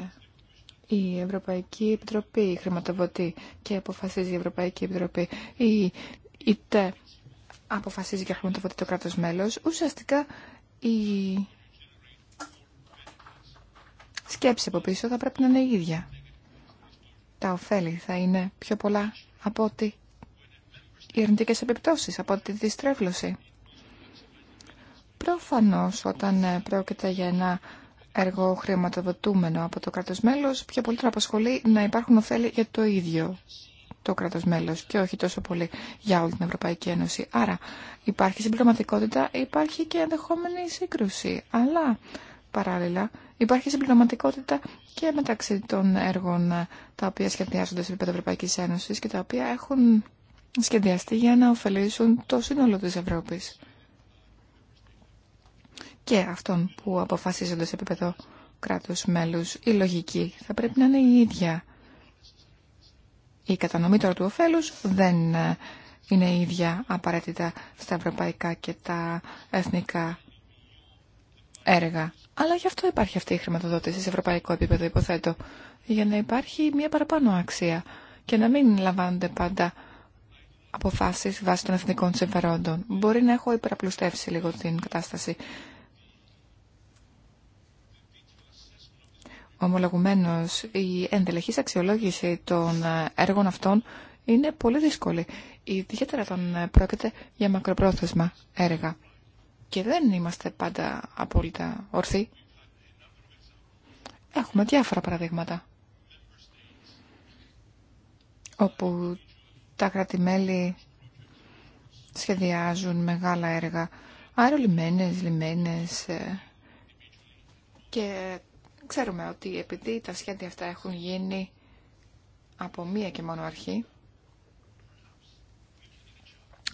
η Ευρωπαϊκή Επιτροπή χρηματοδοτεί και αποφασίζει η Ευρωπαϊκή Επιτροπή ή είτε αποφασίζει και χρηματοδοτεί το κράτος μέλος, ουσιαστικά η σκέψη από πίσω θα πρέπει να είναι η ίδια. Τα ωφέλη θα είναι πιο πολλά από ότι οι αρνητικέ επιπτώσει, από ότι τη στρέβλωση. Προφανώ, όταν ε, πρόκειται για ένα έργο χρηματοδοτούμενο από το κράτο μέλος, πιο πολύ θα απασχολεί να υπάρχουν ωφέλη για το ίδιο το κράτος μέλος και όχι τόσο πολύ για όλη την Ευρωπαϊκή Ένωση. Άρα υπάρχει συμπληρωματικότητα, υπάρχει και ενδεχόμενη σύγκρουση. Αλλά παράλληλα υπάρχει συμπληρωματικότητα και μεταξύ των έργων τα οποία σχεδιάζονται σε επίπεδο Ευρωπαϊκής Ένωσης και τα οποία έχουν σχεδιαστεί για να ωφελήσουν το σύνολο της Ευρώπης. Και αυτών που αποφασίζονται σε επίπεδο κράτους μέλους, η λογική θα πρέπει να είναι η ίδια. Η κατανομή τώρα του ωφέλους δεν ε, είναι η ίδια απαραίτητα στα ευρωπαϊκά και τα εθνικά έργα. Αλλά γι' αυτό υπάρχει αυτή η χρηματοδότηση σε ευρωπαϊκό επίπεδο, υποθέτω, για να υπάρχει μια παραπάνω αξία και να μην λαμβάνονται πάντα αποφάσεις βάσει των εθνικών συμφερόντων. Μπορεί να έχω υπεραπλουστεύσει λίγο την κατάσταση Ομολογουμένως, η εντελεχής αξιολόγηση των έργων αυτών είναι πολύ δύσκολη, ιδιαίτερα όταν πρόκειται για μακροπρόθεσμα έργα. Και δεν είμαστε πάντα απόλυτα ορθοί. Έχουμε διάφορα παραδείγματα, όπου τα κρατημέλη σχεδιάζουν μεγάλα έργα, αερολιμένες, λιμένες ε, και Ξέρουμε ότι επειδή τα σχέδια αυτά έχουν γίνει από μία και μόνο αρχή,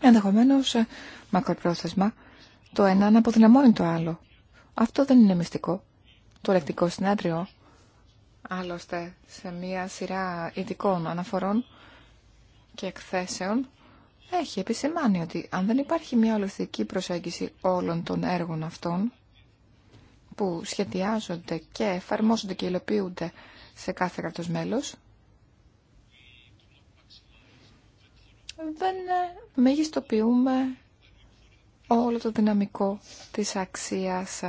ενδεχομένως ε, μακροπρόθεσμα το ένα να αποδυναμώνει το άλλο. Αυτό δεν είναι μυστικό. Το ελεκτικό συνέδριο, άλλωστε σε μία σειρά ειδικών αναφορών και εκθέσεων, έχει επισημάνει ότι αν δεν υπάρχει μια ολοκληρωτική προσέγγιση όλων των έργων αυτών, που σχεδιάζονται και εφαρμόζονται και υλοποιούνται σε κάθε κράτος μέλος δεν ε, μεγιστοποιούμε όλο το δυναμικό της αξίας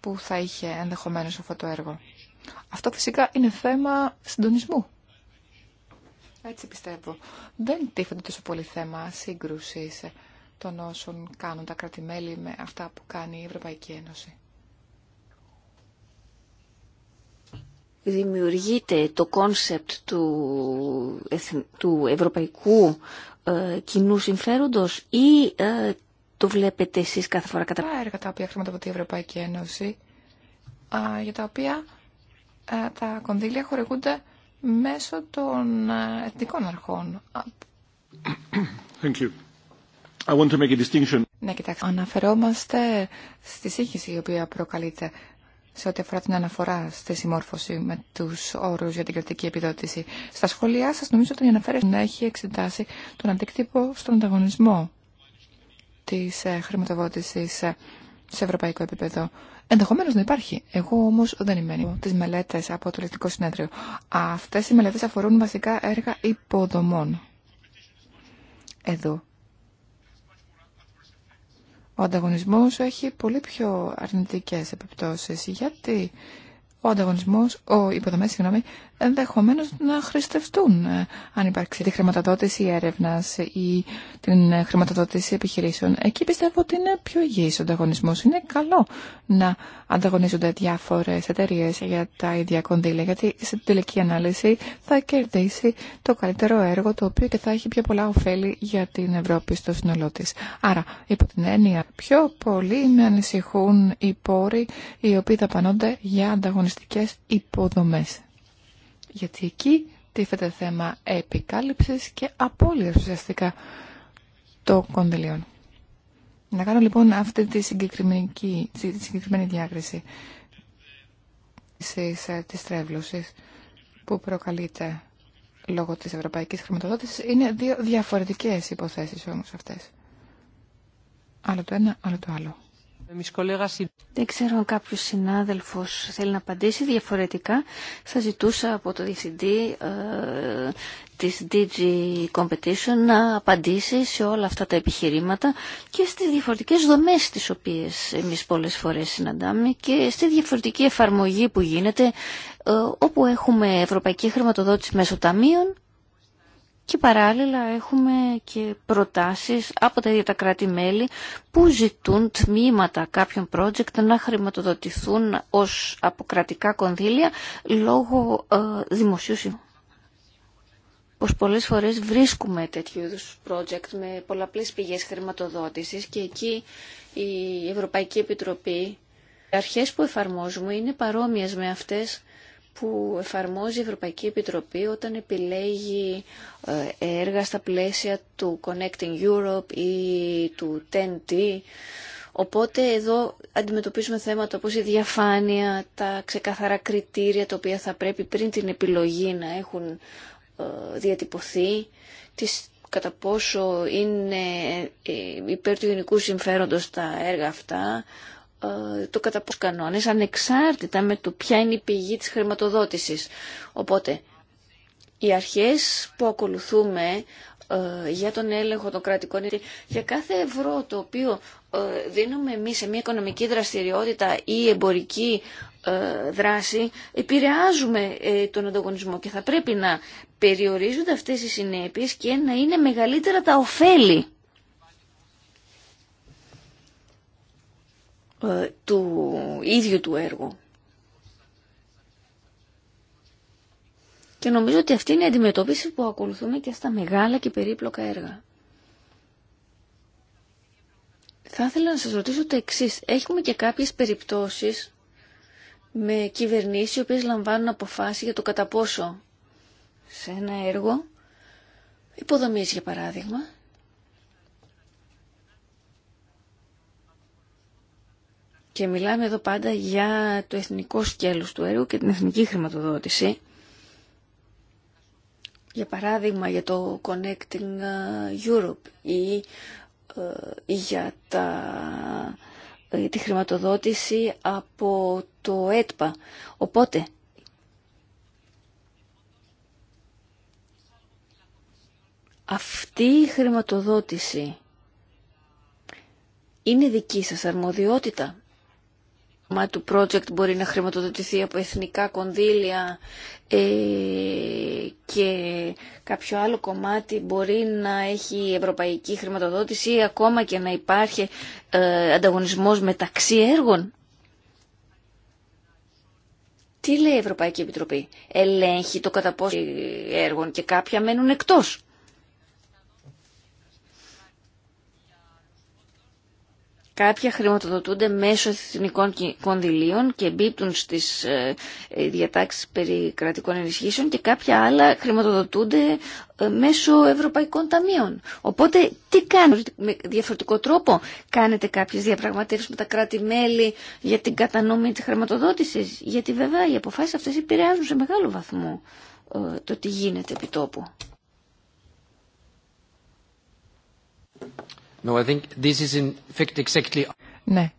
που θα είχε ενδεχομένως αυτό το έργο. Αυτό φυσικά είναι θέμα συντονισμού. Έτσι πιστεύω. Δεν τίθεται τόσο πολύ θέμα σύγκρουσης των όσων κάνουν τα κρατη με αυτά που κάνει η Ευρωπαϊκή Ένωση. δημιουργείται το κόνσεπτ του, του ευρωπαϊκού ε, κοινού συμφέροντος ή ε, το βλέπετε εσείς κάθε φορά κατά... Τα έργα τα οποία χρηματοδοτεί η Ευρωπαϊκή Ένωση, α, για τα οποία ε, τα κονδύλια χορηγούνται μέσω των ε, εθνικών αρχών. Thank you. I want to make a distinction. Ναι, αναφερόμαστε στη σύγχυση η οποία προκαλείται σε ό,τι αφορά την αναφορά στη συμμόρφωση με του όρου για την κρατική επιδότηση. Στα σχολεία σα νομίζω ότι αναφέρεται να έχει εξετάσει τον αντίκτυπο στον ανταγωνισμό της ε, χρηματοδότησης ε, σε ευρωπαϊκό επίπεδο. Ενδεχομένω να υπάρχει. Εγώ όμω δεν είμαι τι μελέτε από το λευκό συνέδριο. Αυτέ οι μελέτε αφορούν βασικά έργα υποδομών. Εδώ ο ανταγωνισμός έχει πολύ πιο αρνητικές επιπτώσεις γιατί ο ανταγωνισμός, ο υποδομές, συγγνώμη, ενδεχομένως να χρηστευτούν ε, αν υπάρξει τη χρηματοδότηση έρευνας ή την χρηματοδότηση επιχειρήσεων. Εκεί πιστεύω ότι είναι πιο υγιής ο ανταγωνισμός. Είναι καλό να ανταγωνίζονται διάφορες εταιρείε για τα ίδια κονδύλια, γιατί σε τελική ανάλυση θα κερδίσει το καλύτερο έργο, το οποίο και θα έχει πιο πολλά ωφέλη για την Ευρώπη στο σύνολό τη. Άρα, υπό την έννοια, πιο πολύ με ανησυχούν οι πόροι οι οποίοι δαπανώνται για ανταγωνιστικές υποδομές γιατί εκεί τίθεται θέμα επικάλυψης και απώλειας ουσιαστικά το κονδυλίων. Να κάνω λοιπόν αυτή τη συγκεκριμένη, τη συγκεκριμένη διάκριση ε, της τρέβλωσης που προκαλείται λόγω της ευρωπαϊκής χρηματοδότησης είναι δύο διαφορετικές υποθέσεις όμως αυτές. Άλλο το ένα, άλλο το άλλο. Δεν ξέρω αν κάποιο συνάδελφο θέλει να απαντήσει διαφορετικά. Θα ζητούσα από το διευθυντή ε, της DG Competition να απαντήσει σε όλα αυτά τα επιχειρήματα και στι διαφορετικέ δομέ τις οποίες εμείς πολλέ φορές συναντάμε και στη διαφορετική εφαρμογή που γίνεται ε, όπου έχουμε ευρωπαϊκή χρηματοδότηση μέσω ταμείων και παράλληλα έχουμε και προτάσεις από τα ίδια τα κράτη-μέλη που ζητούν τμήματα κάποιων project να χρηματοδοτηθούν ως αποκρατικά κονδύλια λόγω ε, δημοσίου Πως πολλές φορές βρίσκουμε τέτοιου είδους project με πολλαπλές πηγές χρηματοδότησης και εκεί η Ευρωπαϊκή Επιτροπή οι αρχές που εφαρμόζουμε είναι παρόμοιες με αυτές που εφαρμόζει η Ευρωπαϊκή Επιτροπή όταν επιλέγει ε, έργα στα πλαίσια του Connecting Europe ή του TEN-T. Οπότε εδώ αντιμετωπίζουμε θέματα όπως η διαφάνεια, τα ξεκαθαρά κριτήρια τα οποία θα πρέπει πριν την επιλογή να έχουν ε, διατυπωθεί, τις, κατά πόσο είναι ε, υπέρ του γενικού συμφέροντος τα έργα αυτά, ε, το κατά πόσο κανόνες ανεξάρτητα με το ποια είναι η πηγή της χρηματοδότησης. Οπότε, οι αρχές που ακολουθούμε ε, για τον έλεγχο των κρατικών για κάθε ευρώ το οποίο ε, δίνουμε εμείς σε μια οικονομική δραστηριότητα ή εμπορική δράση επηρεάζουμε τον ανταγωνισμό και θα πρέπει να περιορίζονται αυτές οι συνέπειες και να είναι μεγαλύτερα τα ωφέλη. Ε, του ίδιου του έργου. Και νομίζω ότι αυτή είναι η αντιμετώπιση που ακολουθούμε και στα μεγάλα και περίπλοκα έργα. Θα ήθελα να σας ρωτήσω το εξή. Έχουμε και κάποιες περιπτώσεις με κυβερνήσεις οι οποίες λαμβάνουν αποφάσεις για το κατά πόσο σε ένα έργο υποδομής για παράδειγμα Και μιλάμε εδώ πάντα για το εθνικό σκέλος του έργου και την εθνική χρηματοδότηση. Για παράδειγμα για το Connecting ε, Europe ε, ή για, τα, για ε, τη χρηματοδότηση από το ΕΤΠΑ. Οπότε αυτή η χρηματοδότηση είναι δική σας αρμοδιότητα. Μα του project μπορεί να χρηματοδοτηθεί από εθνικά κονδύλια ε, και κάποιο άλλο κομμάτι μπορεί να έχει ευρωπαϊκή χρηματοδότηση ή ακόμα και να υπάρχει ε, ανταγωνισμός μεταξύ έργων. Τι λέει η Ευρωπαϊκή Επιτροπή. Ελέγχει το κατά πόσο έργων και κάποια μένουν εκτός. Κάποια χρηματοδοτούνται μέσω εθνικών κονδυλίων και εμπίπτουν στις ε, ε, διατάξεις περί κρατικών ενισχύσεων και κάποια άλλα χρηματοδοτούνται ε, μέσω ευρωπαϊκών ταμείων. Οπότε τι κάνουν με διαφορετικό τρόπο. Κάνετε κάποιες διαπραγματεύσεις με τα κράτη-μέλη για την κατανόμη της χρηματοδότησης. Γιατί βέβαια οι αποφάσεις αυτές επηρεάζουν σε μεγάλο βαθμό το τι γίνεται επί τόπου. Ναι.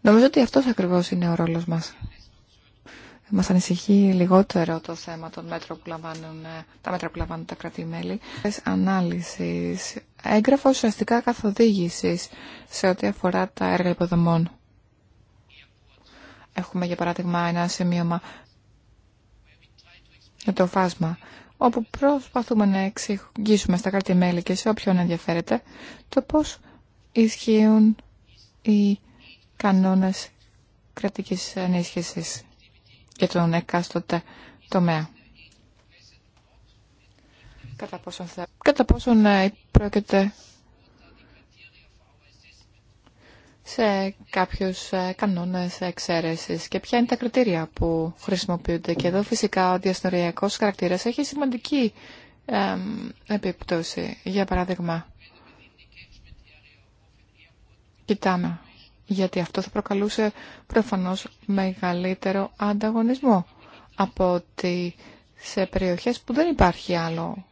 Νομίζω ότι αυτός ακριβώς είναι ο ρόλος μας. Μας ανησυχεί λιγότερο το θέμα των μέτρων που λαμβάνουν, ε, τα μέτρα που λαμβάνουν τα κράτη-μέλη. Ανάλυσης, έγγραφο ουσιαστικά καθοδήγησης σε ό,τι αφορά τα έργα υποδομών. Έχουμε για παράδειγμα ένα σημείωμα για το φάσμα όπου προσπαθούμε να εξηγήσουμε στα κράτη-μέλη και σε όποιον ενδιαφέρεται το πώς ισχύουν οι κανόνες κρατικής ενίσχυση για τον εκάστοτε τομέα. Κατά πόσον, θα... Κατά πόσον ε, πρόκειται σε κάποιους ε, κανόνες εξαίρεσης και ποια είναι τα κριτήρια που χρησιμοποιούνται. Και εδώ φυσικά ο διαστοριακός χαρακτήρας έχει σημαντική επίπτωση. Για παράδειγμα, κοιτάμε, γιατί αυτό θα προκαλούσε προφανώς μεγαλύτερο ανταγωνισμό από ότι σε περιοχές που δεν υπάρχει άλλο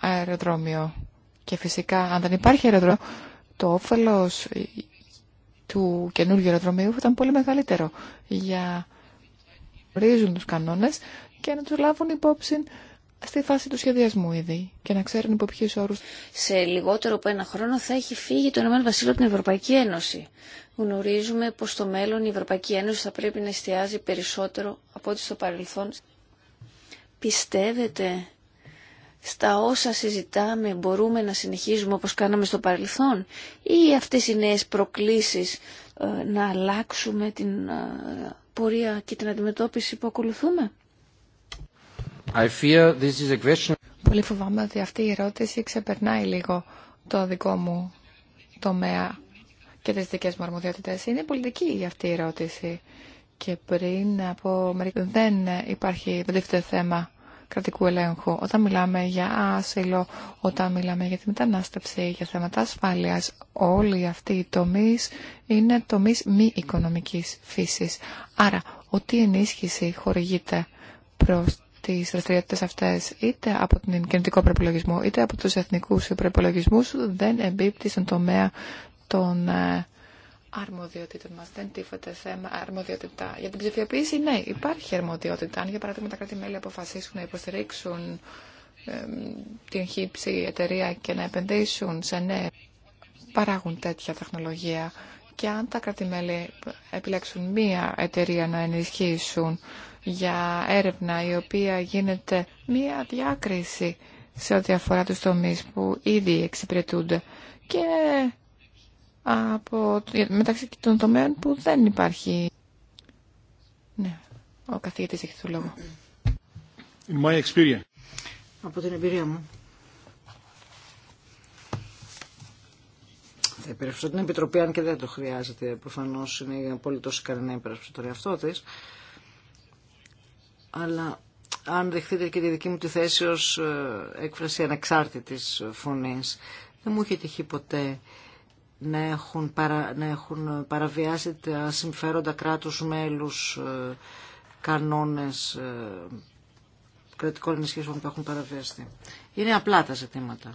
αεροδρόμιο. Και φυσικά αν δεν υπάρχει αεροδρόμιο, το όφελος του καινούργιου αεροδρομίου ήταν πολύ μεγαλύτερο για ρίζουν τους κανόνες και να τους λάβουν υπόψη στη φάση του σχεδιασμού ήδη και να ξέρουν υπό ποιου όρου. Σε λιγότερο από ένα χρόνο θα έχει φύγει το Ηνωμένο Βασίλειο από την Ευρωπαϊκή Ένωση. Γνωρίζουμε πω στο μέλλον η Ευρωπαϊκή Ένωση θα πρέπει να εστιάζει περισσότερο από ό,τι στο παρελθόν. Πιστεύετε στα όσα συζητάμε μπορούμε να συνεχίζουμε όπως κάναμε στο παρελθόν ή αυτές οι νέες προκλήσεις ε, να αλλάξουμε την ε, πορεία και την αντιμετώπιση που ακολουθούμε. Πολύ φοβάμαι ότι αυτή η ερώτηση ξεπερνάει λίγο το δικό μου τομέα και τις δικές μου αρμοδιότητες. Είναι πολιτική αυτή η ερώτηση. Και πριν από μερικές... Δεν υπάρχει δεύτερο θέμα κρατικού ελέγχου, όταν μιλάμε για άσυλο, όταν μιλάμε για τη μετανάστευση, για θέματα ασφάλειας, όλοι αυτοί οι τομείς είναι τομείς μη οικονομικής φύσης. Άρα, ό,τι ενίσχυση χορηγείται προς τις δραστηριότητε αυτές είτε από τον κινητικό προπολογισμό είτε από του εθνικούς προπολογισμού δεν εμπίπτει στον τομέα των ε, αρμοδιότητων μα, Δεν τίθεται θέμα αρμοδιότητα. Για την ψηφιοποίηση, ναι, υπάρχει αρμοδιότητα. Αν, για παράδειγμα, τα κράτη-μέλη αποφασίσουν να υποστηρίξουν την χύψη εταιρεία και να επενδύσουν σε ναι, παράγουν τέτοια τεχνολογία. Και αν τα κράτη-μέλη επιλέξουν μία εταιρεία να ενισχύσουν για έρευνα η οποία γίνεται μία διάκριση σε ό,τι αφορά τους τομείς που ήδη εξυπηρετούνται και από, μεταξύ των τομέων που δεν υπάρχει. Ναι, ο καθηγητής έχει το λόγο. In my experience. Από την εμπειρία μου. Θα υπερασπιστώ την Επιτροπή, αν και δεν το χρειάζεται. Προφανώ είναι πολύ τόσο να υπερευσεί τον εαυτό τη. Αλλά αν δεχτείτε και τη δική μου τη θέση ω ε, έκφραση ανεξάρτητης φωνής, δεν μου είχε τυχεί ποτέ να έχουν, να έχουν παραβιάσει τα συμφέροντα κράτους μέλους ε, κανόνες ε, κρατικών ενισχύσεων που έχουν παραβιαστεί. Είναι απλά τα ζητήματα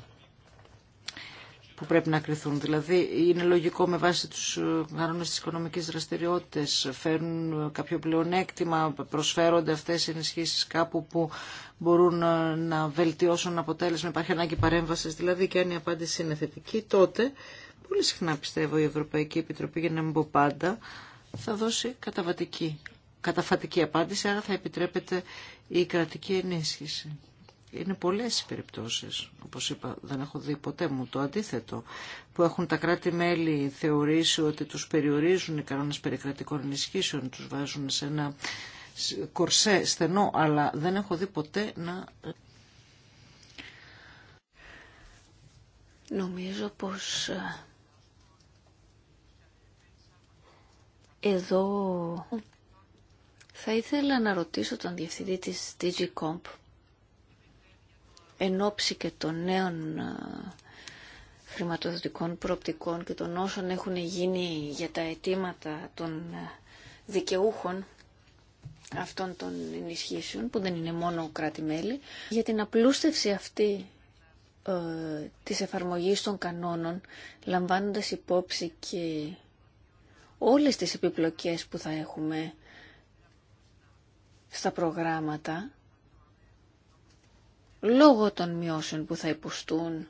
που πρέπει να κρυθούν. Δηλαδή είναι λογικό με βάση τους ε, κανόνες της οικονομικής δραστηριότητας, φέρνουν κάποιο πλεονέκτημα, προσφέρονται αυτές οι ενισχύσεις κάπου που μπορούν να βελτιώσουν αποτέλεσμα, υπάρχει ανάγκη παρέμβασης δηλαδή και αν η απάντηση είναι θετική τότε πολύ συχνά πιστεύω η Ευρωπαϊκή Επιτροπή, για να μην πω πάντα, θα δώσει καταβατική, καταφατική απάντηση, άρα θα επιτρέπεται η κρατική ενίσχυση. Είναι πολλές οι περιπτώσεις, όπως είπα, δεν έχω δει ποτέ μου το αντίθετο, που έχουν τα κράτη-μέλη θεωρήσει ότι τους περιορίζουν οι κανόνες περικρατικών ενισχύσεων, τους βάζουν σε ένα κορσέ στενό, αλλά δεν έχω δει ποτέ να... Νομίζω πως ε, Εδώ θα ήθελα να ρωτήσω τον διευθυντή της DigiComp εν ώψη και των νέων χρηματοδοτικών προοπτικών και των όσων έχουν γίνει για τα αιτήματα των δικαιούχων αυτών των ενισχύσεων που δεν είναι μόνο κράτη-μέλη για την απλούστευση αυτή ε, της εφαρμογής των κανόνων λαμβάνοντας υπόψη και όλες τις επιπλοκές που θα έχουμε στα προγράμματα λόγω των μειώσεων που θα υποστούν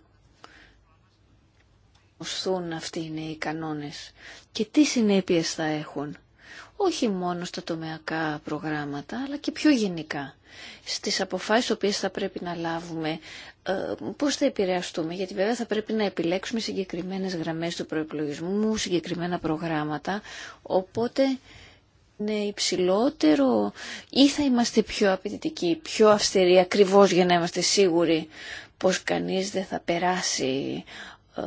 ωστούν αυτοί είναι οι κανόνες και τι συνέπειες θα έχουν όχι μόνο στα τομεακά προγράμματα, αλλά και πιο γενικά. Στις αποφάσεις που θα πρέπει να λάβουμε, ε, πώς θα επηρεαστούμε, γιατί βέβαια θα πρέπει να επιλέξουμε συγκεκριμένες γραμμές του προεκλογισμού, συγκεκριμένα προγράμματα, οπότε είναι υψηλότερο ή θα είμαστε πιο απαιτητικοί, πιο αυστηροί, ακριβώς για να είμαστε σίγουροι πως κανείς δεν θα περάσει ε,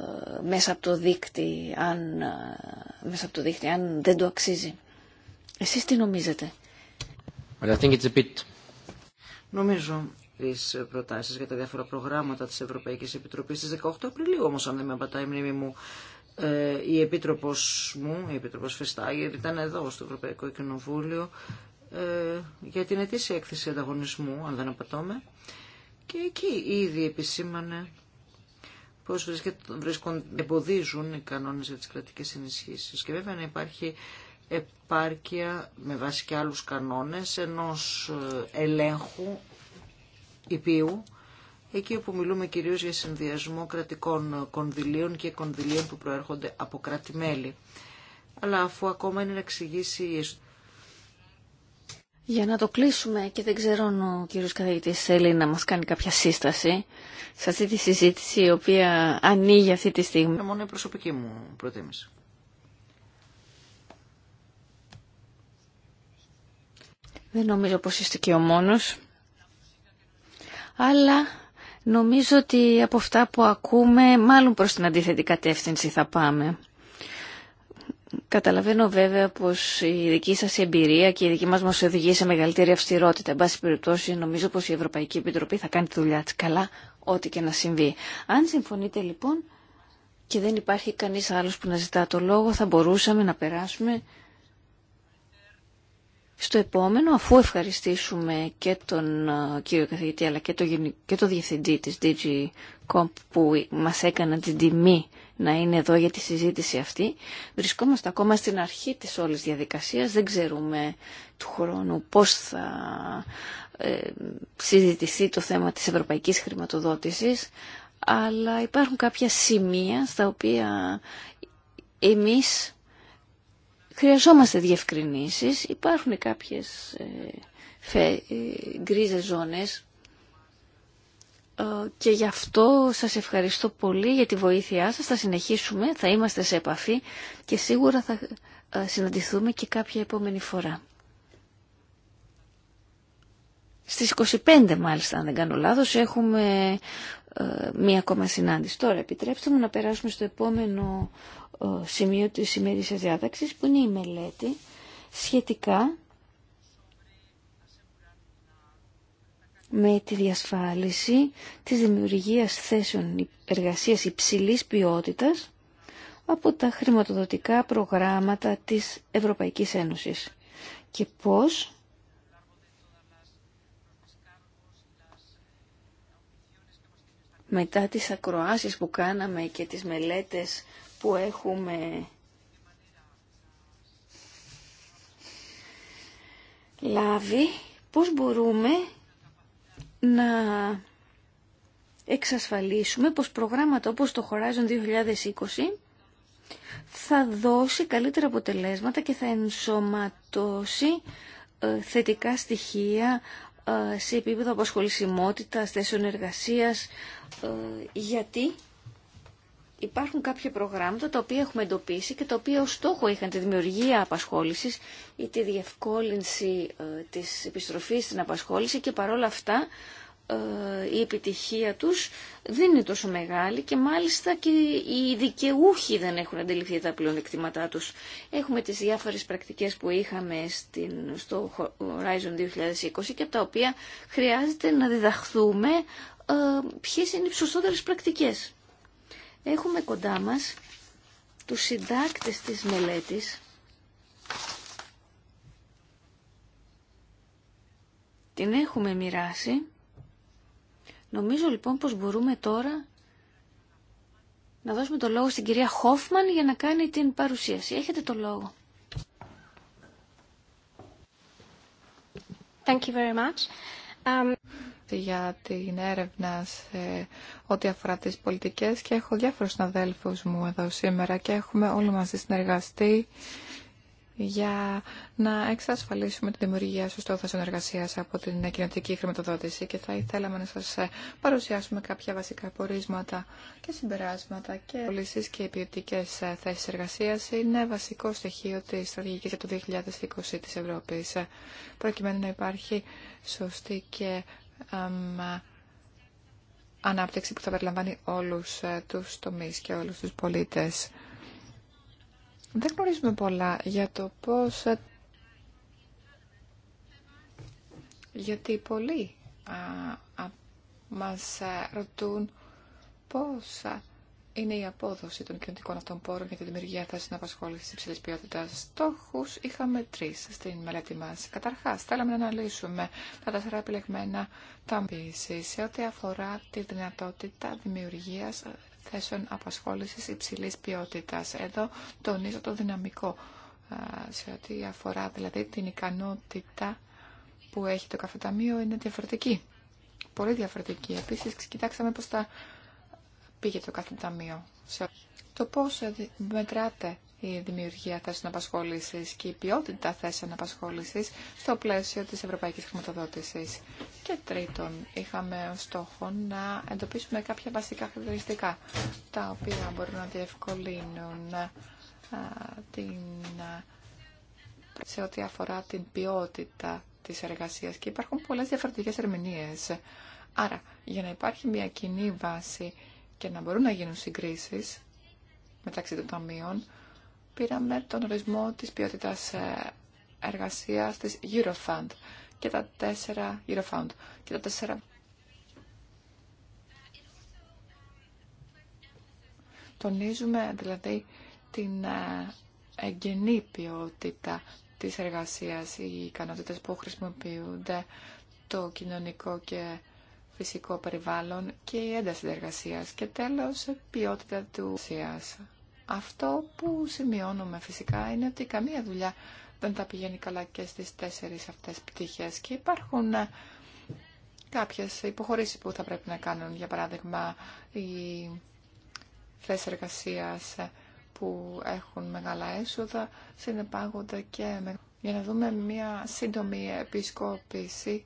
μέσα από το δίκτυ αν, ε, μέσα από το δίκτυ, αν δεν το αξίζει. Εσείς τι νομίζετε. Well, I think it's a bit... Νομίζω τις προτάσεις για τα διάφορα προγράμματα της Ευρωπαϊκής Επιτροπής στις 18 Απριλίου όμως αν δεν με απατάει η μνήμη μου ε, η Επίτροπος μου, η Επίτροπος Φεστάγερ ήταν εδώ στο Ευρωπαϊκό Κοινοβούλιο ε, για την ετήσια έκθεση ανταγωνισμού αν δεν απατώμε και εκεί ήδη επισήμανε πώς βρίσκονται, εμποδίζουν οι κανόνες για τις κρατικές ενισχύσεις. Και βέβαια να υπάρχει επάρκεια με βάση και άλλους κανόνες ενός ε, ελέγχου υπείου εκεί όπου μιλούμε κυρίως για συνδυασμό κρατικών κονδυλίων και κονδυλίων που προέρχονται από κράτη-μέλη. Αλλά αφού ακόμα είναι να εξηγήσει... Για να το κλείσουμε και δεν ξέρω αν ο κύριος καθηγητής θέλει να μας κάνει κάποια σύσταση σε αυτή τη συζήτηση η οποία ανοίγει αυτή τη στιγμή. Είναι μόνο η προσωπική μου προτίμηση. Δεν νομίζω πως είστε και ο μόνος. Αλλά νομίζω ότι από αυτά που ακούμε, μάλλον προς την αντίθετη κατεύθυνση θα πάμε. Καταλαβαίνω βέβαια πως η δική σας εμπειρία και η δική μας μας οδηγεί σε μεγαλύτερη αυστηρότητα. Εν πάση περιπτώσει νομίζω πως η Ευρωπαϊκή Επιτροπή θα κάνει τη δουλειά της καλά ό,τι και να συμβεί. Αν συμφωνείτε λοιπόν και δεν υπάρχει κανείς άλλος που να ζητά το λόγο θα μπορούσαμε να περάσουμε στο επόμενο, αφού ευχαριστήσουμε και τον κύριο καθηγητή αλλά και, τον και το διευθυντή της DigiComp που μας έκανε την τιμή να είναι εδώ για τη συζήτηση αυτή. Βρισκόμαστε ακόμα στην αρχή της όλης διαδικασίας, δεν ξέρουμε του χρόνου πώς θα ε, συζητηθεί το θέμα της ευρωπαϊκής χρηματοδότησης, αλλά υπάρχουν κάποια σημεία στα οποία εμείς Χρειαζόμαστε διευκρινήσεις. Υπάρχουν κάποιες ε, ε, γκρίζες ζώνες ε, και γι' αυτό σας ευχαριστώ πολύ για τη βοήθειά σας. Θα συνεχίσουμε, θα είμαστε σε επαφή και σίγουρα θα συναντηθούμε και κάποια επόμενη φορά. Στις 25 μάλιστα, αν δεν κάνω λάθος, έχουμε ε, μία ακόμα συνάντηση. Τώρα επιτρέψτε μου να περάσουμε στο επόμενο ε, σημείο της σημερινής διάταξης που είναι η μελέτη σχετικά με τη διασφάλιση της δημιουργίας θέσεων εργασίας υψηλής ποιότητας από τα χρηματοδοτικά προγράμματα της Ευρωπαϊκής Ένωσης και πώς μετά τις ακροάσεις που κάναμε και τις μελέτες που έχουμε λάβει, πώς μπορούμε να εξασφαλίσουμε πως προγράμματα όπως το Horizon 2020 θα δώσει καλύτερα αποτελέσματα και θα ενσωματώσει ε, θετικά στοιχεία ε, σε επίπεδο απασχολησιμότητα θέσεων εργασίας, ε, γιατί υπάρχουν κάποια προγράμματα τα οποία έχουμε εντοπίσει και τα οποία ως στόχο είχαν τη δημιουργία απασχόλησης ή τη διευκόλυνση ε, της επιστροφής στην απασχόληση και παρόλα αυτά ε, η επιτυχία τους δεν είναι τόσο μεγάλη και μάλιστα και οι δικαιούχοι δεν έχουν αντιληφθεί τα εκτιματά τους. Έχουμε τις διάφορες πρακτικές που είχαμε στην, στο Horizon 2020 και από τα οποία χρειάζεται να διδαχθούμε ε, ποιες είναι οι σωστότερες πρακτικές. Έχουμε κοντά μας τους συντάκτες της μελέτης την έχουμε μοιράσει Νομίζω λοιπόν πως μπορούμε τώρα να δώσουμε το λόγο στην κυρία Χόφμαν για να κάνει την παρουσίαση. Έχετε το λόγο. Thank you very much. Um, για την έρευνα σε ό,τι αφορά τις πολιτικές και έχω διάφορους συναδέλφους μου εδώ σήμερα και έχουμε όλοι μαζί συνεργαστεί για να εξασφαλίσουμε τη δημιουργία σωστών θέσεων εργασία από την κοινωτική χρηματοδότηση και θα ήθελαμε να σα ε, παρουσιάσουμε κάποια βασικά πορίσματα και συμπεράσματα και πωλήσει και ποιοτικέ ε, θέσει εργασία είναι βασικό στοιχείο τη στρατηγική για το 2020 τη Ευρώπη, προκειμένου να υπάρχει σωστή και ανάπτυξη που θα περιλαμβάνει όλους ε, τους τομείς και όλους τους πολίτες. Δεν γνωρίζουμε πολλά για το πώς... Ε, γιατί πολλοί α, μας ε, ρωτούν πώς ε, είναι η απόδοση των κοινωνικών αυτών πόρων για τη δημιουργία θέσεων απασχόληση υψηλή ποιότητα. Στόχου είχαμε τρει στην μελέτη μα. Καταρχά, θέλαμε να αναλύσουμε τα τέσσερα επιλεγμένα τα σε ό,τι αφορά τη δυνατότητα δημιουργία θέσεων απασχόλησης υψηλής ποιότητας. Εδώ τονίζω το δυναμικό σε ό,τι αφορά δηλαδή την ικανότητα που έχει το καφεταμείο είναι διαφορετική. Πολύ διαφορετική. Επίσης, κοιτάξαμε πώς τα πήγε το καφεταμείο. Το πώς μετράτε η δημιουργία θέσεων απασχόλησης και η ποιότητα θέσεων απασχόλησης στο πλαίσιο της ευρωπαϊκής χρηματοδότησης. Και τρίτον, είχαμε ως στόχο να εντοπίσουμε κάποια βασικά χαρακτηριστικά, τα οποία μπορούν να διευκολύνουν την, σε ό,τι αφορά την ποιότητα της εργασίας. Και υπάρχουν πολλές διαφορετικές ερμηνείες. Άρα, για να υπάρχει μια κοινή βάση και να μπορούν να γίνουν συγκρίσεις μεταξύ των ταμείων, πήραμε τον ορισμό της ποιότητας ε, εργασίας της Eurofund και τα τέσσερα Eurofound και τα τέσσερα. Τονίζουμε δηλαδή την ε, εγγενή ποιότητα της εργασίας, οι ικανότητες που χρησιμοποιούνται, το κοινωνικό και φυσικό περιβάλλον και η ένταση εργασίας και τέλος ποιότητα του εργασίας. Αυτό που σημειώνουμε φυσικά είναι ότι καμία δουλειά δεν τα πηγαίνει καλά και στις τέσσερις αυτές πτυχές και υπάρχουν ε, κάποιες υποχωρήσεις που θα πρέπει να κάνουν, για παράδειγμα οι θέσεις εργασία ε, που έχουν μεγάλα έσοδα συνεπάγονται και για να δούμε μια σύντομη επισκόπηση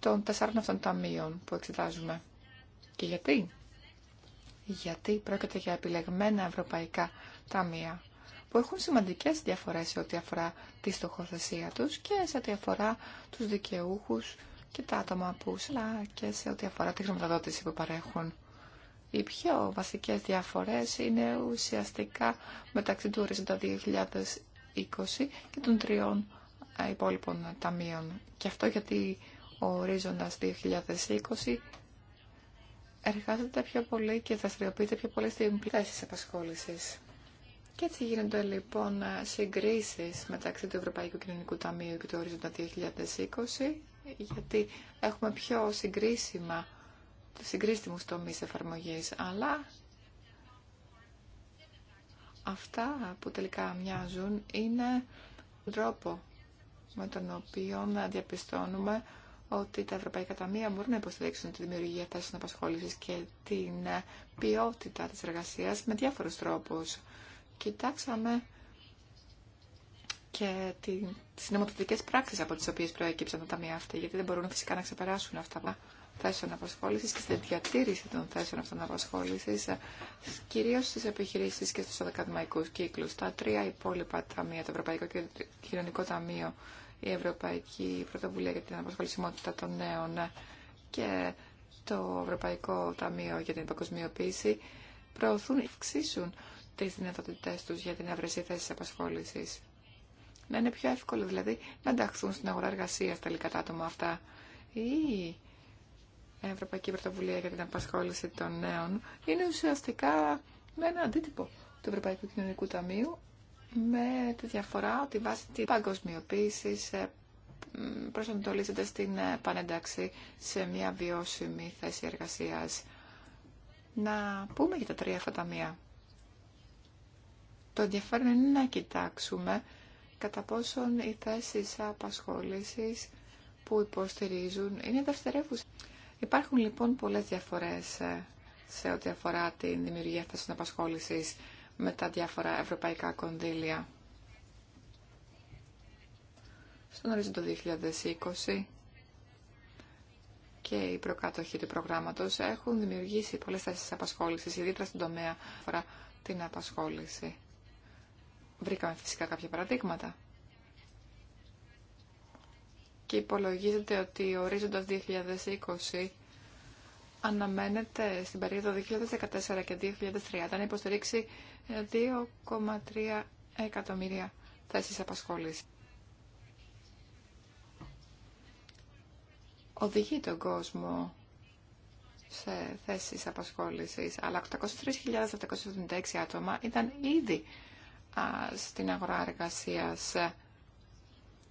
των τεσσάρων αυτών ταμείων που εξετάζουμε. Και γιατί? Γιατί πρόκειται για επιλεγμένα ευρωπαϊκά ταμεία που έχουν σημαντικές διαφορές σε ό,τι αφορά τη στοχοθεσία τους και σε ό,τι αφορά τους δικαιούχους και τα άτομα που αλλά και σε ό,τι αφορά τη χρηματοδότηση που παρέχουν. Οι πιο βασικές διαφορές είναι ουσιαστικά μεταξύ του ορίζοντα 2020 και των τριών ε, υπόλοιπων ταμείων. Και αυτό γιατί ο ορίζοντας 2020 εργάζεται πιο πολύ και δραστηριοποιείται πιο πολύ στην της απασχόλησης. Και έτσι γίνονται λοιπόν συγκρίσεις μεταξύ του Ευρωπαϊκού Κοινωνικού Ταμείου και του Ορίζοντα 2020, γιατί έχουμε πιο συγκρίσιμα, συγκρίσιμους τομείς εφαρμογής, αλλά αυτά που τελικά μοιάζουν είναι τον τρόπο με τον οποίο να διαπιστώνουμε ότι τα ευρωπαϊκά ταμεία μπορούν να υποστηρίξουν τη δημιουργία θέσεων απασχόλησης και την ποιότητα της εργασίας με διάφορους τρόπους κοιτάξαμε και τις νομοθετικές πράξεις από τις οποίες προέκυψαν τα ταμεία αυτά, γιατί δεν μπορούν φυσικά να ξεπεράσουν αυτά τα θέσεων απασχόλησης και στη διατήρηση των θέσεων αυτών απασχόλησης, κυρίως στις επιχειρήσεις και στους ακαδημαϊκούς κύκλους. Τα τρία υπόλοιπα ταμεία, το Ευρωπαϊκό και το Κοινωνικό Ταμείο, η Ευρωπαϊκή Πρωτοβουλία για την Απασχολησιμότητα των Νέων και το Ευρωπαϊκό Ταμείο για την Παγκοσμιοποίηση, προωθούν, αυξήσουν τι δυνατότητέ του για την αύρεση θέση απασχόληση. Να είναι πιο εύκολο δηλαδή να ενταχθούν στην αγορά εργασία τελικά τα άτομα αυτά. Η Ευρωπαϊκή Πρωτοβουλία για την Απασχόληση των Νέων είναι ουσιαστικά με ένα αντίτυπο του Ευρωπαϊκού Κοινωνικού Ταμείου με τη διαφορά ότι βάσει τη παγκοσμιοποίηση προσανατολίζεται στην επανένταξη σε μια βιώσιμη θέση εργασίας. Να πούμε για τα τρία αυτά μία. Το ενδιαφέρον είναι να κοιτάξουμε κατά πόσον οι θέσεις απασχόλησης που υποστηρίζουν είναι δευτερεύουσες. Υπάρχουν λοιπόν πολλές διαφορές ε, σε ό,τι αφορά τη δημιουργία θέσεων απασχόλησης με τα διάφορα ευρωπαϊκά κονδύλια. Στον ορίζοντο 2020 και οι προκάτοχοι του προγράμματος έχουν δημιουργήσει πολλές θέσεις απασχόλησης, ιδιαίτερα στον τομέα αφορά την απασχόληση. Βρήκαμε φυσικά κάποια παραδείγματα. Και υπολογίζεται ότι ο ορίζοντας 2020 αναμένεται στην περίοδο 2014 και 2030 να υποστηρίξει 2,3 εκατομμύρια θέσεις απασχόλησης. Οδηγεί τον κόσμο σε θέσεις απασχόλησης, αλλά 803.776 άτομα ήταν ήδη στην αγορά εργασίας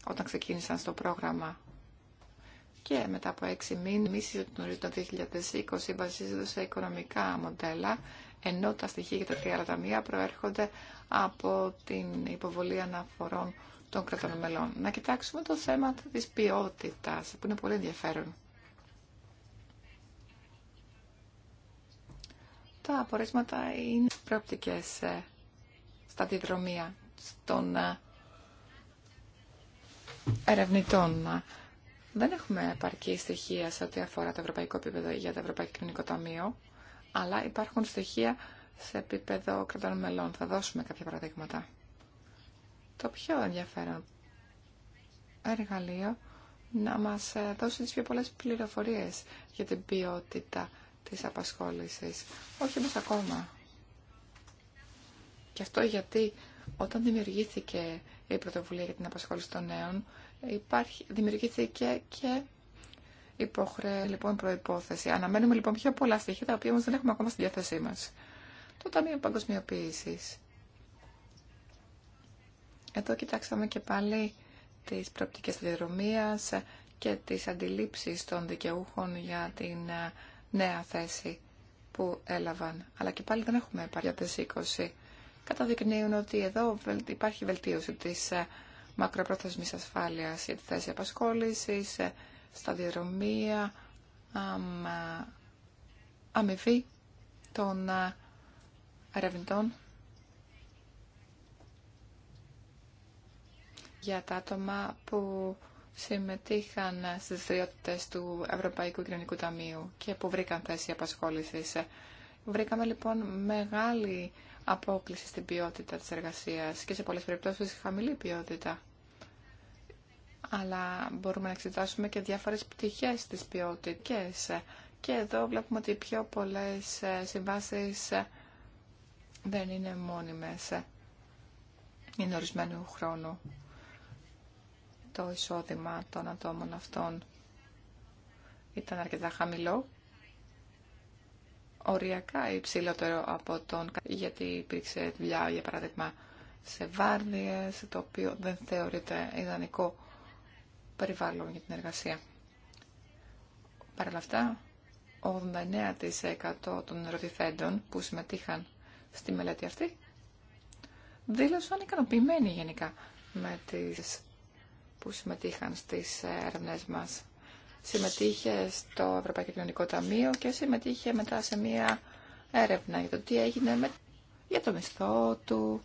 όταν ξεκίνησαν στο πρόγραμμα. Και μετά από έξι μήνες, του Νορίου το 2020 βασίζονται σε οικονομικά μοντέλα, ενώ τα στοιχεία για τα τρία ταμεία προέρχονται από την υποβολή αναφορών των κρατών μελών. Να κοιτάξουμε το θέμα της ποιότητας, που είναι πολύ ενδιαφέρον. Τα απορίσματα είναι προοπτικές ε, σταδιοδρομία των ε, ερευνητών. Δεν έχουμε επαρκή στοιχεία σε ό,τι αφορά το ευρωπαϊκό επίπεδο για το Ευρωπαϊκό Κοινωνικό Ταμείο, αλλά υπάρχουν στοιχεία σε επίπεδο κρατών μελών. Θα δώσουμε κάποια παραδείγματα. Το πιο ενδιαφέρον εργαλείο να μας ε, δώσει τις πιο πολλές πληροφορίες για την ποιότητα της απασχόλησης. Όχι όμως ακόμα και αυτό γιατί όταν δημιουργήθηκε η πρωτοβουλία για την απασχόληση των νέων, υπάρχει, δημιουργήθηκε και υποχρέ, λοιπόν, προπόθεση. Αναμένουμε λοιπόν πιο πολλά στοιχεία, τα οποία όμως δεν έχουμε ακόμα στη διάθεσή μα. Το Ταμείο παγκοσμιοποίηση. Εδώ κοιτάξαμε και πάλι τις προοπτικές διαδρομίας και τι αντιλήψει των δικαιούχων για την ε, νέα θέση που έλαβαν. Αλλά και πάλι δεν έχουμε πάρει 20 καταδεικνύουν ότι εδώ υπάρχει βελτίωση της ε, μακροπρόθεσμης ασφάλειας για τη θέση απασχόλησης, ε, σταδιοδρομία, ε, αμοιβή των ερευνητών για τα άτομα που συμμετείχαν στις δραστηριότητες του Ευρωπαϊκού Κοινωνικού Ταμείου και που βρήκαν θέση απασχόλησης. Βρήκαμε λοιπόν μεγάλη απόκληση στην ποιότητα της εργασίας και σε πολλές περιπτώσεις χαμηλή ποιότητα. Αλλά μπορούμε να εξετάσουμε και διάφορες πτυχές της ποιότητας. Και εδώ βλέπουμε ότι οι πιο πολλές ε, συμβάσεις ε, δεν είναι μόνιμες. Είναι ορισμένου χρόνου το εισόδημα των ατόμων αυτών ήταν αρκετά χαμηλό οριακά υψηλότερο από τον γιατί υπήρξε δουλειά, για παράδειγμα, σε βάρδιες, το οποίο δεν θεωρείται ιδανικό περιβάλλον για την εργασία. Παρ' όλα αυτά, 89% των ερωτηθέντων που συμμετείχαν στη μελέτη αυτή δήλωσαν ικανοποιημένοι γενικά με τις που συμμετείχαν στις έρευνες μας συμμετείχε στο Ευρωπαϊκό Κοινωνικό Ταμείο και συμμετείχε μετά σε μία έρευνα για το τι έγινε για το μισθό του.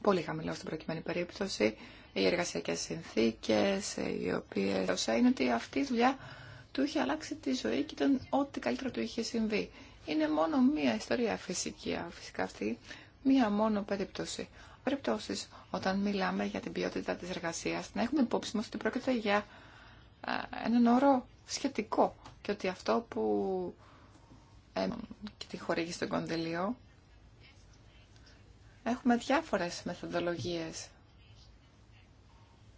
Πολύ χαμηλό στην προκειμένη περίπτωση. Οι εργασιακές συνθήκες, οι οποίες όσα είναι ότι αυτή η δουλειά του είχε αλλάξει τη ζωή και ήταν ό,τι καλύτερο του είχε συμβεί. Είναι μόνο μία ιστορία φυσική, αυτή, μία μόνο περίπτωση περιπτώσεις όταν μιλάμε για την ποιότητα της εργασίας να έχουμε υπόψη μας ότι πρόκειται για ε, έναν όρο σχετικό και ότι αυτό που ε, και τη χορήγει στον κονδυλίο έχουμε διάφορες μεθοδολογίες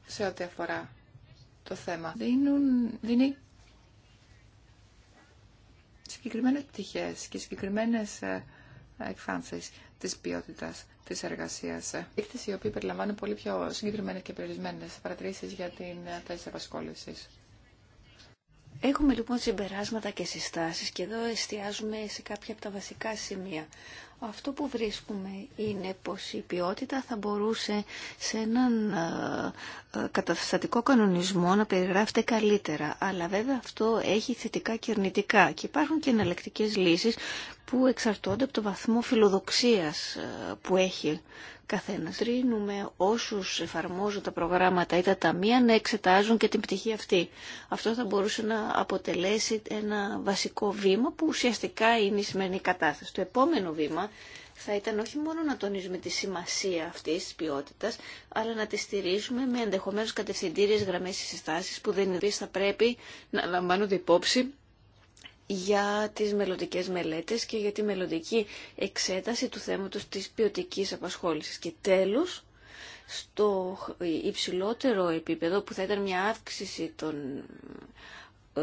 σε ό,τι αφορά το θέμα. Δίνουν, δίνει συγκεκριμένες πτυχές και συγκεκριμένες ε, εκφάνσεις της ποιότητα της εργασίας. Δείκτε οι οποίοι περιλαμβάνουν πολύ πιο συγκεκριμένε και περιορισμένε παρατηρήσεις για την θέση απασχόληση. Έχουμε λοιπόν συμπεράσματα και συστάσεις και εδώ εστιάζουμε σε κάποια από τα βασικά σημεία. Αυτό που βρίσκουμε είναι πως η ποιότητα θα μπορούσε σε έναν ε, ε, καταστατικό κανονισμό να περιγράφεται καλύτερα. Αλλά βέβαια αυτό έχει θετικά και αρνητικά και υπάρχουν και εναλλακτικέ λύσεις που εξαρτώνται από το βαθμό φιλοδοξίας ε, που έχει τρίνουμε όσους εφαρμόζουν τα προγράμματα ή τα ταμεία να εξετάζουν και την πτυχή αυτή. Αυτό θα μπορούσε να αποτελέσει ένα βασικό βήμα που ουσιαστικά είναι η σημερινή κατάσταση. Το επόμενο βήμα θα ήταν όχι μόνο να τονίζουμε τη σημασία αυτής τη ποιότητα, αλλά να τη στηρίζουμε με ενδεχομένως κατευθυντήριες γραμμές συστάσει που δεν είναι θα πρέπει να λαμβάνονται υπόψη για τις μελλοντικέ μελέτες και για τη μελλοντική εξέταση του θέματος της ποιοτική απασχόλησης. Και τέλος, στο υψηλότερο επίπεδο που θα ήταν μια αύξηση των ε,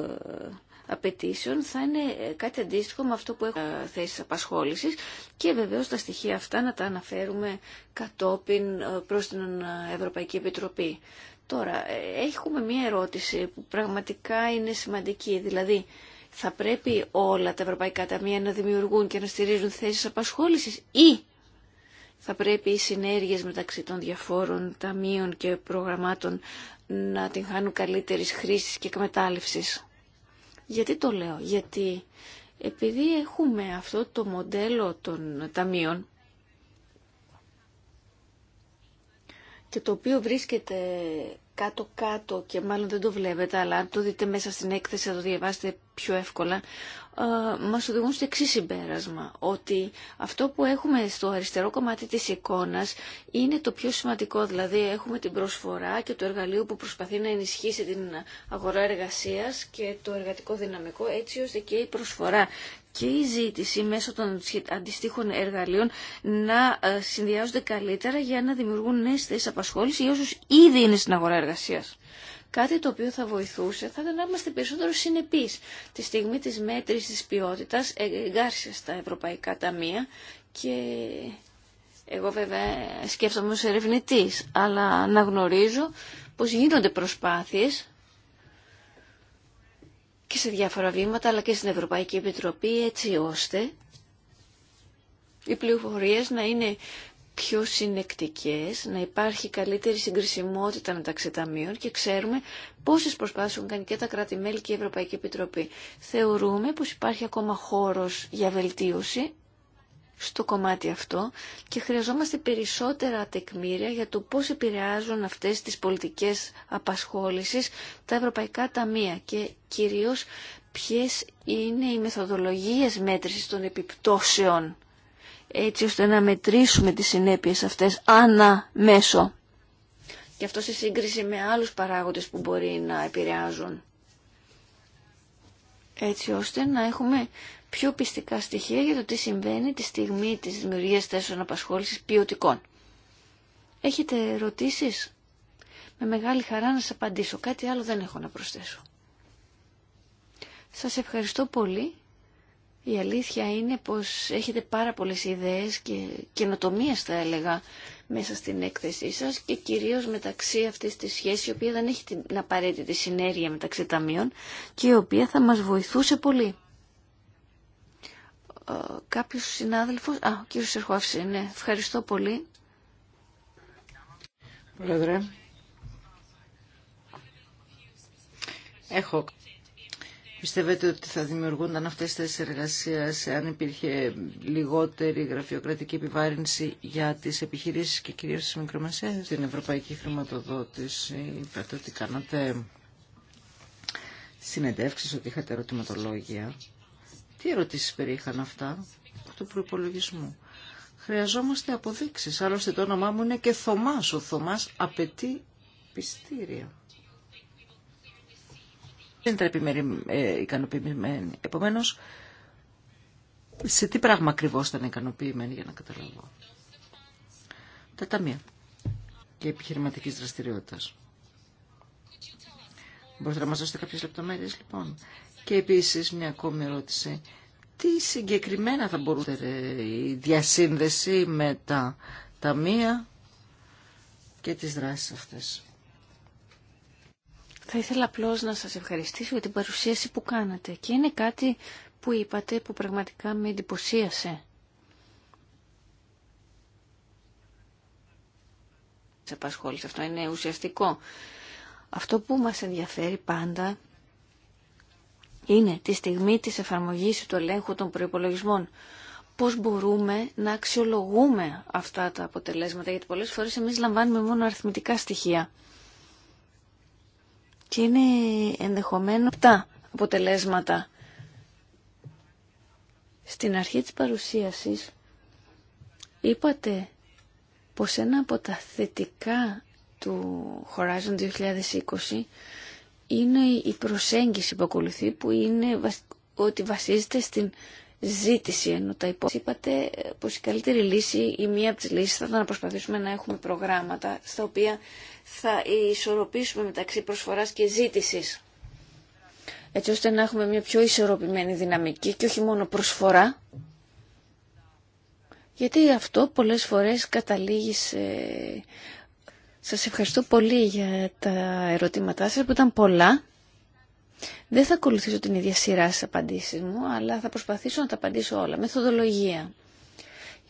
απαιτήσεων θα είναι κάτι αντίστοιχο με αυτό που έχουν θέσει απασχόλησης και βεβαίως τα στοιχεία αυτά να τα αναφέρουμε κατόπιν ε, προς την Ευρωπαϊκή Επιτροπή. Τώρα, ε, έχουμε μια ερώτηση που πραγματικά είναι σημαντική, δηλαδή θα πρέπει όλα τα ευρωπαϊκά ταμεία να δημιουργούν και να στηρίζουν θέσεις απασχόλησης ή θα πρέπει οι συνέργειες μεταξύ των διαφόρων ταμείων και προγραμμάτων να την χάνουν καλύτερης χρήσης και εκμετάλλευσης. Γιατί το λέω, γιατί επειδή έχουμε αυτό το μοντέλο των ταμείων και το οποίο βρίσκεται κάτω-κάτω και μάλλον δεν το βλέπετε, αλλά αν το δείτε μέσα στην έκθεση θα το διαβάσετε πιο εύκολα, μας οδηγούν στο εξή συμπέρασμα, ότι αυτό που έχουμε στο αριστερό κομμάτι της εικόνας είναι το πιο σημαντικό, δηλαδή έχουμε την προσφορά και το εργαλείο που προσπαθεί να ενισχύσει την αγορά εργασίας και το εργατικό δυναμικό έτσι ώστε και η προσφορά και η ζήτηση μέσω των αντιστοίχων εργαλείων να ε, συνδυάζονται καλύτερα για να δημιουργούν νέες θέσει απασχόληση για όσου ήδη είναι στην αγορά εργασίας. Κάτι το οποίο θα βοηθούσε θα ήταν να είμαστε περισσότερο συνεπεί, τη στιγμή της μέτρησης τη ποιότητα ε, εγκάρσια στα ευρωπαϊκά ταμεία και εγώ βέβαια σκέφτομαι ως ερευνητής, αλλά γνωρίζω πως γίνονται προσπάθειες και σε διάφορα βήματα αλλά και στην Ευρωπαϊκή Επιτροπή έτσι ώστε οι πληροφορίε να είναι πιο συνεκτικές, να υπάρχει καλύτερη συγκρισιμότητα μεταξύ ταμείων και ξέρουμε πόσες προσπάθειες κάνει και τα κράτη-μέλη και η Ευρωπαϊκή Επιτροπή. Θεωρούμε πως υπάρχει ακόμα χώρος για βελτίωση στο κομμάτι αυτό και χρειαζόμαστε περισσότερα τεκμήρια για το πώς επηρεάζουν αυτές τις πολιτικές απασχόλησης τα ευρωπαϊκά ταμεία και κυρίως ποιες είναι οι μεθοδολογίες μέτρησης των επιπτώσεων έτσι ώστε να μετρήσουμε τις συνέπειες αυτές ανά μέσο. Και αυτό σε σύγκριση με άλλους παράγοντες που μπορεί να επηρεάζουν. Έτσι ώστε να έχουμε πιο πιστικά στοιχεία για το τι συμβαίνει τη στιγμή της δημιουργίας θέσεων απασχόλησης ποιοτικών. Έχετε ερωτήσεις? Με μεγάλη χαρά να σας απαντήσω. Κάτι άλλο δεν έχω να προσθέσω. Σας ευχαριστώ πολύ. Η αλήθεια είναι πως έχετε πάρα πολλές ιδέες και καινοτομίες θα έλεγα μέσα στην έκθεσή σας και κυρίως μεταξύ αυτής της σχέσης η οποία δεν έχει την απαραίτητη συνέργεια μεταξύ ταμείων και η οποία θα μας βοηθούσε πολύ. Ε, κάποιος συνάδελφος... Α, ο κύριος ναι. Ευχαριστώ πολύ. Πρόεδρε. Έχω. Πιστεύετε ότι θα δημιουργούνταν αυτές τις θέσεις εργασίας αν υπήρχε λιγότερη γραφειοκρατική επιβάρυνση για τις επιχειρήσεις και κυρίως τις μικρομεσαίες στην ευρωπαϊκή χρηματοδότηση. Είπατε ότι κάνατε συνεντεύξεις, ότι είχατε ερωτηματολόγια. Τι ερωτήσει περιείχαν αυτά του προπολογισμού. Χρειαζόμαστε αποδείξεις. Άλλωστε το όνομά μου είναι και Θωμάς. Ο Θωμάς απαιτεί πιστήρια. Δεν ήταν ε, ικανοποιημένοι. Επομένως, σε τι πράγμα ακριβώ ήταν ικανοποιημένοι για να καταλάβω. Τα ταμεία και επιχειρηματική δραστηριότητα. Μπορείτε να μας δώσετε κάποιες λεπτομέρειες λοιπόν. Και επίσης μια ακόμη ερώτηση. Τι συγκεκριμένα θα μπορούσε η διασύνδεση με τα ταμεία και τις δράσεις αυτές. Θα ήθελα απλώ να σας ευχαριστήσω για την παρουσίαση που κάνατε και είναι κάτι που είπατε που πραγματικά με εντυπωσίασε. Σε απασχόλησε αυτό είναι ουσιαστικό. Αυτό που μας ενδιαφέρει πάντα είναι τη στιγμή της εφαρμογής του ελέγχου των προϋπολογισμών. Πώς μπορούμε να αξιολογούμε αυτά τα αποτελέσματα, γιατί πολλές φορές εμείς λαμβάνουμε μόνο αριθμητικά στοιχεία. Και είναι ενδεχομένω τα αποτελέσματα. Στην αρχή της παρουσίασης είπατε πως ένα από τα θετικά του Horizon 2020 είναι η προσέγγιση που ακολουθεί που είναι ότι βασίζεται στην ζήτηση ενώ τα υπόλοιπα είπατε ε, πω η καλύτερη λύση ή μία από τι λύσει θα ήταν να προσπαθήσουμε να έχουμε προγράμματα στα οποία θα ισορροπήσουμε μεταξύ προσφοράς και ζήτησης έτσι ώστε να έχουμε μια πιο ισορροπημένη δυναμική και όχι μόνο προσφορά γιατί αυτό πολλές φορές καταλήγει σε σας ευχαριστώ πολύ για τα ερωτήματά σας που ήταν πολλά. Δεν θα ακολουθήσω την ίδια σειρά στις απαντήσεις μου, αλλά θα προσπαθήσω να τα απαντήσω όλα. Μεθοδολογία.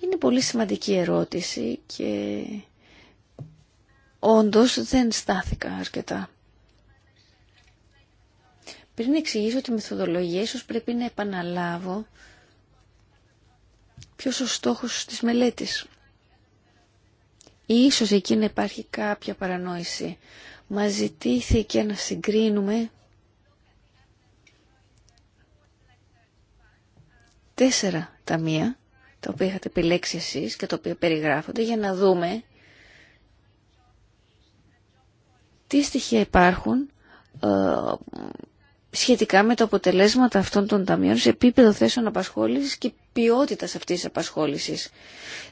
Είναι πολύ σημαντική ερώτηση και όντως δεν στάθηκα αρκετά. Πριν εξηγήσω τη μεθοδολογία, ίσως πρέπει να επαναλάβω ποιος ο στόχος της μελέτης. Ίσως εκεί να υπάρχει κάποια παρανόηση. Μας ζητήθηκε να συγκρίνουμε τέσσερα ταμεία, τα οποία είχατε επιλέξει εσείς και τα οποία περιγράφονται, για να δούμε τι στοιχεία υπάρχουν ε, σχετικά με τα αποτελέσματα αυτών των ταμείων σε επίπεδο θέσεων απασχόλησης και ποιότητας αυτής της απασχόλησης.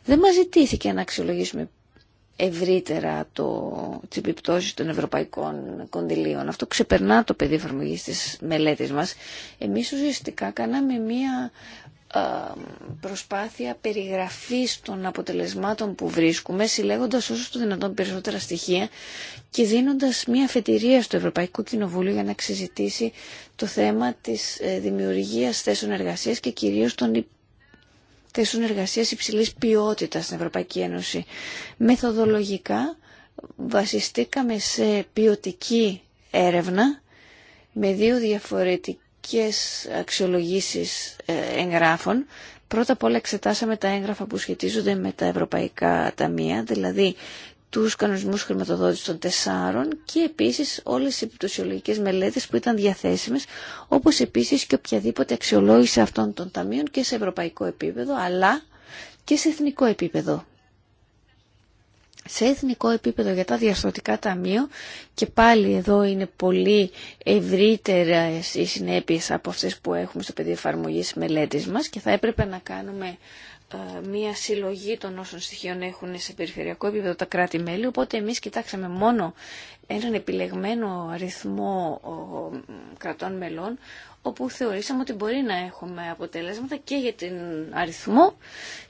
Δεν μας ζητήθηκε να αξιολογήσουμε ευρύτερα το, τις επιπτώσεις των ευρωπαϊκών κονδυλίων. Αυτό ξεπερνά το πεδίο εφαρμογή της μελέτης μας. Εμείς ουσιαστικά κάναμε μία προσπάθεια περιγραφής των αποτελεσμάτων που βρίσκουμε, συλλέγοντας όσο το δυνατόν περισσότερα στοιχεία και δίνοντας μια αφετηρία στο Ευρωπαϊκό Κοινοβούλιο για να συζητήσει το θέμα της ε, δημιουργίας θέσεων εργασίας και κυρίως των θέσουν εργασίες υψηλής ποιότητας στην Ευρωπαϊκή Ένωση. Μεθοδολογικά βασιστήκαμε σε ποιοτική έρευνα με δύο διαφορετικές αξιολογήσεις ε, εγγράφων. Πρώτα απ' όλα εξετάσαμε τα έγγραφα που σχετίζονται με τα ευρωπαϊκά ταμεία, δηλαδή τους κανονισμούς χρηματοδότησης των τεσσάρων και επίσης όλες οι επιπτωσιολογικές μελέτες που ήταν διαθέσιμες, όπως επίσης και οποιαδήποτε αξιολόγηση αυτών των ταμείων και σε ευρωπαϊκό επίπεδο, αλλά και σε εθνικό επίπεδο. Σε εθνικό επίπεδο για τα διαστροτικά ταμείο και πάλι εδώ είναι πολύ ευρύτερα οι συνέπειες από αυτές που έχουμε στο πεδίο εφαρμογής μελέτης μας και θα έπρεπε να κάνουμε ε, μία συλλογή των όσων στοιχείων έχουν σε περιφερειακό επίπεδο τα κράτη-μέλη, οπότε εμείς κοιτάξαμε μόνο έναν επιλεγμένο αριθμό κρατών μελών, όπου θεωρήσαμε ότι μπορεί να έχουμε αποτελέσματα και για την αριθμό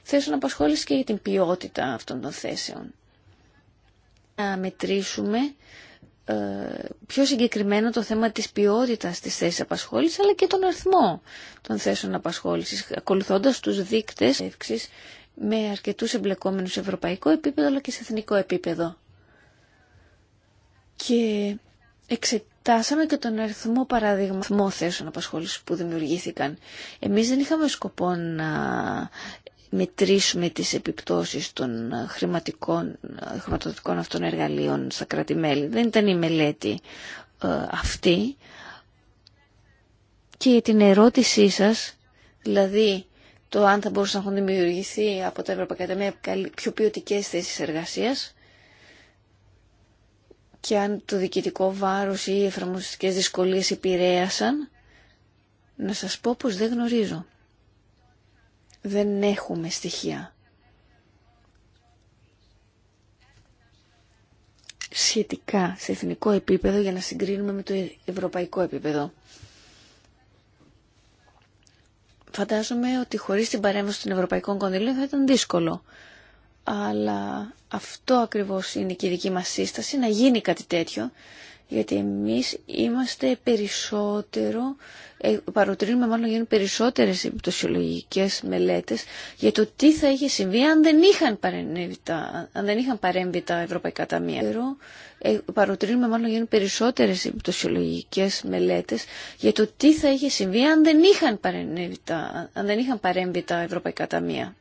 θέσεων απασχόλησης και για την ποιότητα αυτών των θέσεων. Να μετρήσουμε ε, πιο συγκεκριμένο το θέμα της ποιότητας της θέσης απασχόλησης αλλά και τον αριθμό των θέσεων απασχόλησης ακολουθώντας τους δείκτες εύξης με αρκετούς εμπλεκόμενους σε ευρωπαϊκό επίπεδο αλλά και σε εθνικό επίπεδο. Και εξετάσαμε και τον αριθμό παράδειγμα θέσεων απασχόλησης που δημιουργήθηκαν. Εμείς δεν είχαμε σκοπό να μετρήσουμε τις επιπτώσεις των ε, χρηματικών, ε, χρηματοδοτικών αυτών εργαλείων στα κράτη-μέλη. Δεν ήταν η μελέτη ε, αυτή. Και την ερώτησή σας, δηλαδή το αν θα μπορούσαν να έχουν δημιουργηθεί από τα Ευρωπαϊκά Ταμεία πιο ποιοτικέ θέσεις εργασίας και αν το διοικητικό βάρος ή οι εφαρμοστικές δυσκολίες επηρέασαν, να σας πω πως δεν γνωρίζω δεν έχουμε στοιχεία σχετικά σε εθνικό επίπεδο για να συγκρίνουμε με το ευρωπαϊκό επίπεδο. Φαντάζομαι ότι χωρίς την παρέμβαση των ευρωπαϊκών κονδυλίων θα ήταν δύσκολο. Αλλά αυτό ακριβώς είναι και η δική μας σύσταση, να γίνει κάτι τέτοιο γιατί εμείς είμαστε περισσότερο, ε, παροτρύνουμε μάλλον γίνουν περισσότερες επιπτωσιολογικές μελέτες για το τι θα είχε συμβεί αν δεν είχαν, τα, αν δεν είχαν παρέμβει τα ευρωπαϊκά ταμεία. Ε, παροτρύνουμε μάλλον γίνουν περισσότερες επιπτωσιολογικές μελέτες για το τι θα είχε συμβεί αν δεν είχαν, τα, αν δεν είχαν παρέμβει τα ευρωπαϊκά ταμεία.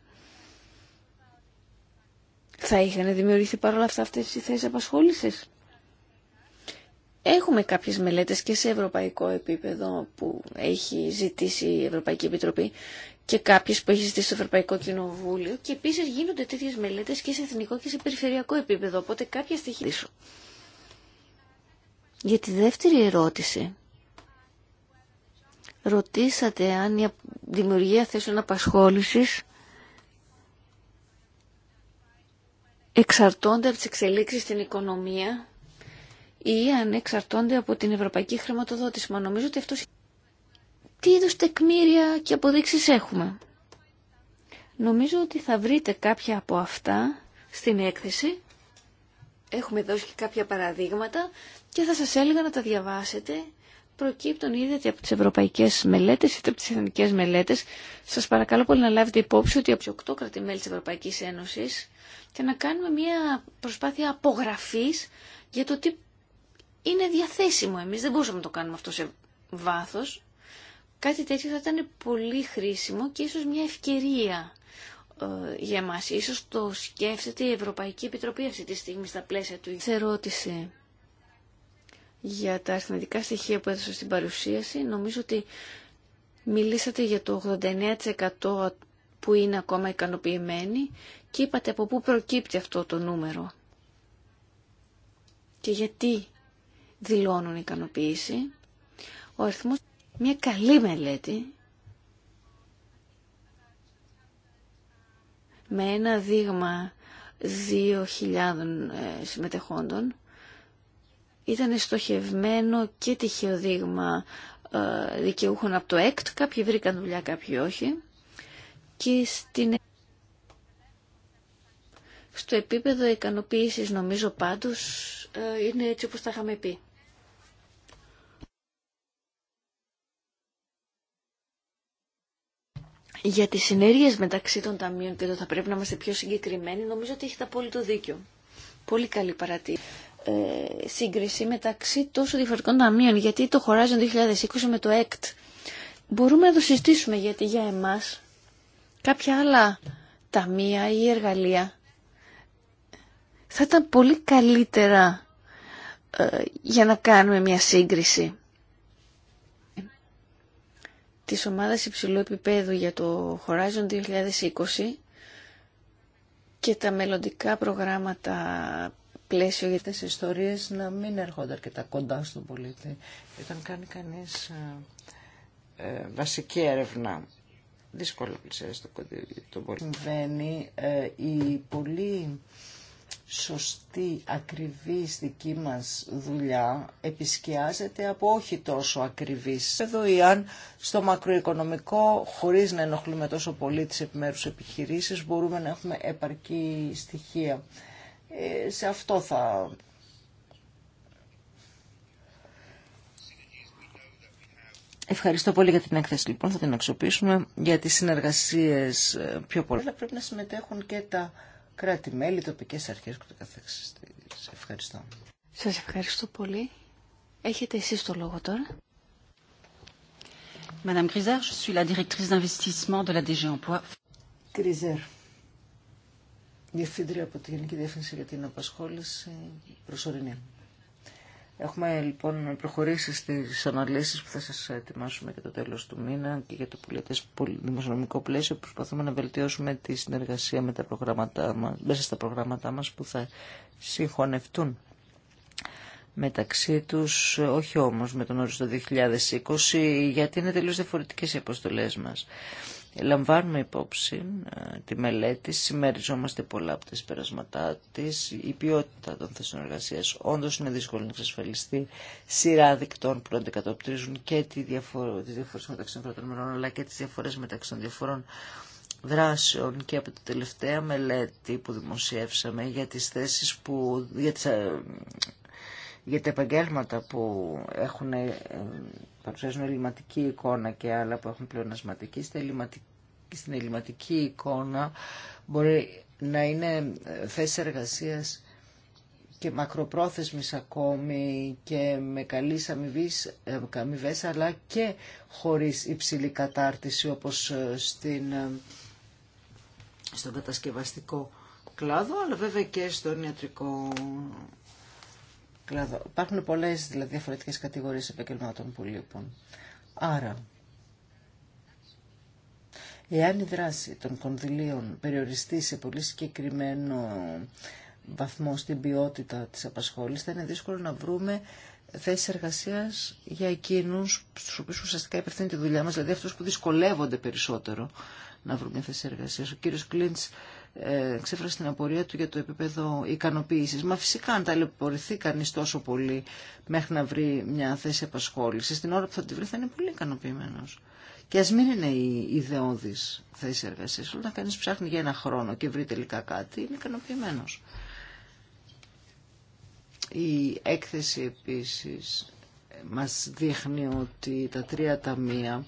Θα είχαν δημιουργηθεί παρόλα αυτά αυτέ οι θέσει απασχόληση. Έχουμε κάποιες μελέτες και σε ευρωπαϊκό επίπεδο που έχει ζητήσει η Ευρωπαϊκή Επιτροπή και κάποιες που έχει ζητήσει το Ευρωπαϊκό Κοινοβούλιο και επίσης γίνονται τέτοιες μελέτες και σε εθνικό και σε περιφερειακό επίπεδο, οπότε κάποια στοιχεία. Για τη δεύτερη ερώτηση, ρωτήσατε αν η δημιουργία θέσεων απασχόλησης εξαρτώνται από τις εξελίξεις στην οικονομία ή αν εξαρτώνται από την ευρωπαϊκή χρηματοδότηση. Μα νομίζω ότι αυτό... Τι είδου τεκμήρια και αποδείξει έχουμε. Νομίζω ότι θα βρείτε κάποια από αυτά στην έκθεση. Έχουμε δώσει και κάποια παραδείγματα και θα σας έλεγα να τα διαβάσετε. Προκύπτουν ήδη από τις ευρωπαϊκές μελέτες είτε από τις εθνικές μελέτες. Σας παρακαλώ πολύ να λάβετε υπόψη ότι από τις οκτώ κρατημέλη της Ευρωπαϊκής Ένωσης και να κάνουμε μια προσπάθεια απογραφής για το τι είναι διαθέσιμο. Εμείς δεν μπορούσαμε να το κάνουμε αυτό σε βάθος. Κάτι τέτοιο θα ήταν πολύ χρήσιμο και ίσως μια ευκαιρία ε, για μας. Ίσως το σκέφτεται η Ευρωπαϊκή Επιτροπή αυτή τη στιγμή στα πλαίσια του. Σε ερώτηση για τα αριθμητικά στοιχεία που έδωσα στην παρουσίαση. Νομίζω ότι μιλήσατε για το 89% που είναι ακόμα ικανοποιημένοι και είπατε από πού προκύπτει αυτό το νούμερο. Και γιατί δηλώνουν ικανοποίηση. Ο αριθμός μια καλή μελέτη με ένα δείγμα 2.000 ε, συμμετεχόντων ήταν στοχευμένο και τυχαίο δείγμα ε, δικαιούχων από το ΕΚΤ. Κάποιοι βρήκαν δουλειά, κάποιοι όχι. Και στην... Ε, στο επίπεδο ικανοποίησης νομίζω πάντως είναι έτσι όπως τα είχαμε πει. για τις συνέργειες μεταξύ των ταμείων και εδώ θα πρέπει να είμαστε πιο συγκεκριμένοι, νομίζω ότι έχετε το δίκιο. Πολύ καλή παρατήρηση. Ε, σύγκριση μεταξύ τόσο διαφορετικών ταμείων, γιατί το Horizon 2020 με το ΕΚΤ. Μπορούμε να το συστήσουμε, γιατί για εμάς κάποια άλλα ταμεία ή εργαλεία θα ήταν πολύ καλύτερα ε, για να κάνουμε μια σύγκριση της ομάδας υψηλού επίπεδου για το Horizon 2020 και τα μελλοντικά προγράμματα πλαίσιο για τις ιστορίες να μην έρχονται αρκετά κοντά στον πολίτη. Όταν κάνει κανείς ε, ε βασική έρευνα, δύσκολο πλησιάζει το πολίτη. Συμβαίνει ε, η πολύ σωστή, ακριβή δική μας δουλειά επισκιάζεται από όχι τόσο ακριβής. Εδώ ή αν στο μακροοικονομικό, χωρίς να ενοχλούμε τόσο πολύ τις επιμέρους επιχειρήσεις, μπορούμε να έχουμε επαρκή στοιχεία. Ε, σε αυτό θα... Ευχαριστώ πολύ για την έκθεση λοιπόν, θα την αξιοποιήσουμε για τις συνεργασίες ε, πιο πολύ. Αλλά πρέπει να συμμετέχουν και τα κράτη-μέλη, τοπικές αρχές και το καθεξής. Ευχαριστώ. Σας ευχαριστώ πολύ. Έχετε εσείς το λόγο τώρα. Madame Grisard, je suis la directrice d'investissement de la DG Emploi. Grisard, διευθύντρια από τη Γενική Διεύθυνση για την Απασχόληση, προσωρινή. Έχουμε λοιπόν προχωρήσει στις αναλύσεις που θα σας ετοιμάσουμε για το τέλος του μήνα και για το πολιτές δημοσιονομικό πλαίσιο. Προσπαθούμε να βελτιώσουμε τη συνεργασία με τα προγράμματά μας, μέσα στα προγράμματά μας που θα συγχωνευτούν μεταξύ τους, όχι όμως με τον όριο 2020, γιατί είναι τελείως διαφορετικές οι αποστολές μας. Λαμβάνουμε υπόψη ε, τη μελέτη, συμμεριζόμαστε πολλά από τα συμπερασματά τη. Η ποιότητα των θέσεων εργασία όντω είναι δύσκολη να εξασφαλιστεί. Σειρά δικτών που αντικατοπτρίζουν και τι διαφορέ μεταξύ των πρώτων μερών αλλά και τι διαφορέ μεταξύ των διαφορών δράσεων και από τη τελευταία μελέτη που δημοσιεύσαμε για τις θέσει που, για, ε, για τα επαγγέλματα που έχουν ε, παρουσιάζουν ελληματική εικόνα και άλλα που έχουν πλεονασματική. Στην ελληματική εικόνα μπορεί να είναι ε, θέσει εργασίας και μακροπρόθεσμης ακόμη και με καλής αμοιβή, ε, αλλά και χωρίς υψηλή κατάρτιση όπως ε, στην, στον κατασκευαστικό κλάδο αλλά βέβαια και στον ιατρικό κλάδο. Υπάρχουν πολλές δηλαδή διαφορετικές κατηγορίες επαγγελμάτων που λείπουν. Άρα, εάν η δράση των κονδυλίων περιοριστεί σε πολύ συγκεκριμένο βαθμό στην ποιότητα της απασχόλησης, θα είναι δύσκολο να βρούμε θέσει εργασία για εκείνου στου οποίου ουσιαστικά υπευθύνει τη δουλειά μα, δηλαδή αυτού που δυσκολεύονται περισσότερο να βρούμε θέση εργασία. Ε, ξέφρασε την απορία του για το επίπεδο ικανοποίηση. Μα φυσικά αν ταλαιπωρηθεί κανεί τόσο πολύ μέχρι να βρει μια θέση απασχόληση, την ώρα που θα τη βρει θα είναι πολύ ικανοποιημένο. Και α μην είναι η ιδεώδη θέση εργασία. Όταν κανεί ψάχνει για ένα χρόνο και βρει τελικά κάτι, είναι ικανοποιημένο. Η έκθεση επίσης μας δείχνει ότι τα τρία ταμεία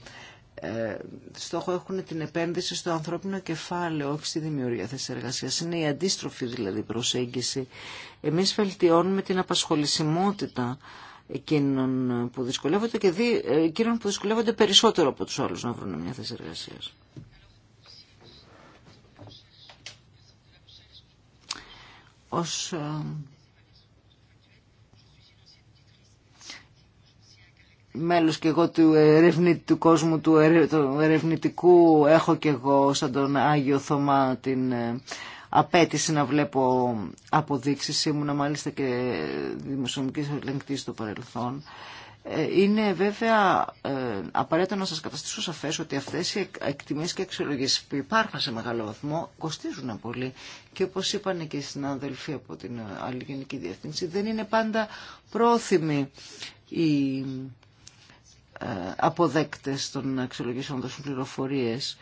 ε, στόχο έχουν την επένδυση στο ανθρώπινο κεφάλαιο, όχι στη δημιουργία θέσης εργασίας. Είναι η αντίστροφη δηλαδή προσέγγιση. Εμείς βελτιώνουμε την απασχολησιμότητα εκείνων που δυσκολεύονται και δι, ε, εκείνων που δυσκολεύονται περισσότερο από τους άλλους να βρουν μια θέση εργασίας. Ως ε, μέλος και εγώ του, ερευνητικού κόσμου του, ερευνητικού έχω και εγώ σαν τον Άγιο Θωμά την ε, απέτηση να βλέπω αποδείξεις ήμουνα μάλιστα και δημοσιονομικής ελεγκτής στο παρελθόν ε, είναι βέβαια ε, απαραίτητο να σας καταστήσω σαφές ότι αυτές οι εκτιμήσεις και αξιολογήσεις που υπάρχουν σε μεγάλο βαθμό κοστίζουν πολύ και όπως είπαν και οι συνάδελφοι από την άλλη Γενική Διευθύνση δεν είναι πάντα πρόθυμοι οι αποδέκτες των αξιολογήσεων των πληροφορίες.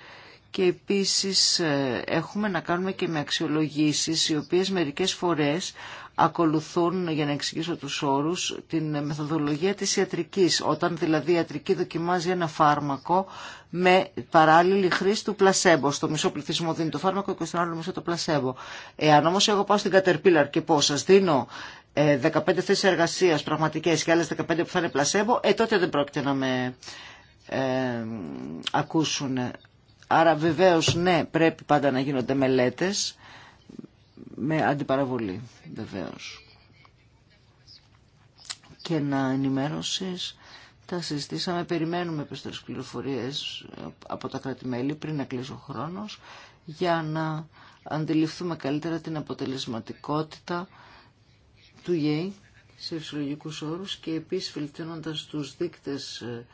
Και επίσης ε, έχουμε να κάνουμε και με αξιολογήσεις οι οποίες μερικές φορές ακολουθούν, για να εξηγήσω τους όρους, την μεθοδολογία της ιατρικής. Όταν δηλαδή η ιατρική δοκιμάζει ένα φάρμακο με παράλληλη χρήση του πλασέμπο. Στο μισό πληθυσμό δίνει το φάρμακο και στον άλλο μισό το πλασέμπο. Εάν όμως εγώ πάω στην κατερπίλαρ και πω σας δίνω 15 ε, θέσεις εργασίας πραγματικές και άλλες 15 που θα είναι πλασέμπο, ε, τότε δεν πρόκειται να με ε, ακούσουν. Άρα βεβαίως ναι πρέπει πάντα να γίνονται μελέτες με αντιπαραβολή βεβαίως. Και να ενημέρωσες τα συζητήσαμε, περιμένουμε περισσότερες πληροφορίες από τα κρατη πριν να κλείσει ο χρόνος για να αντιληφθούμε καλύτερα την αποτελεσματικότητα του ΓΕΙ σε φυσιολογικούς όρους και επίσης βελτιώνοντας τους δείκτες ε,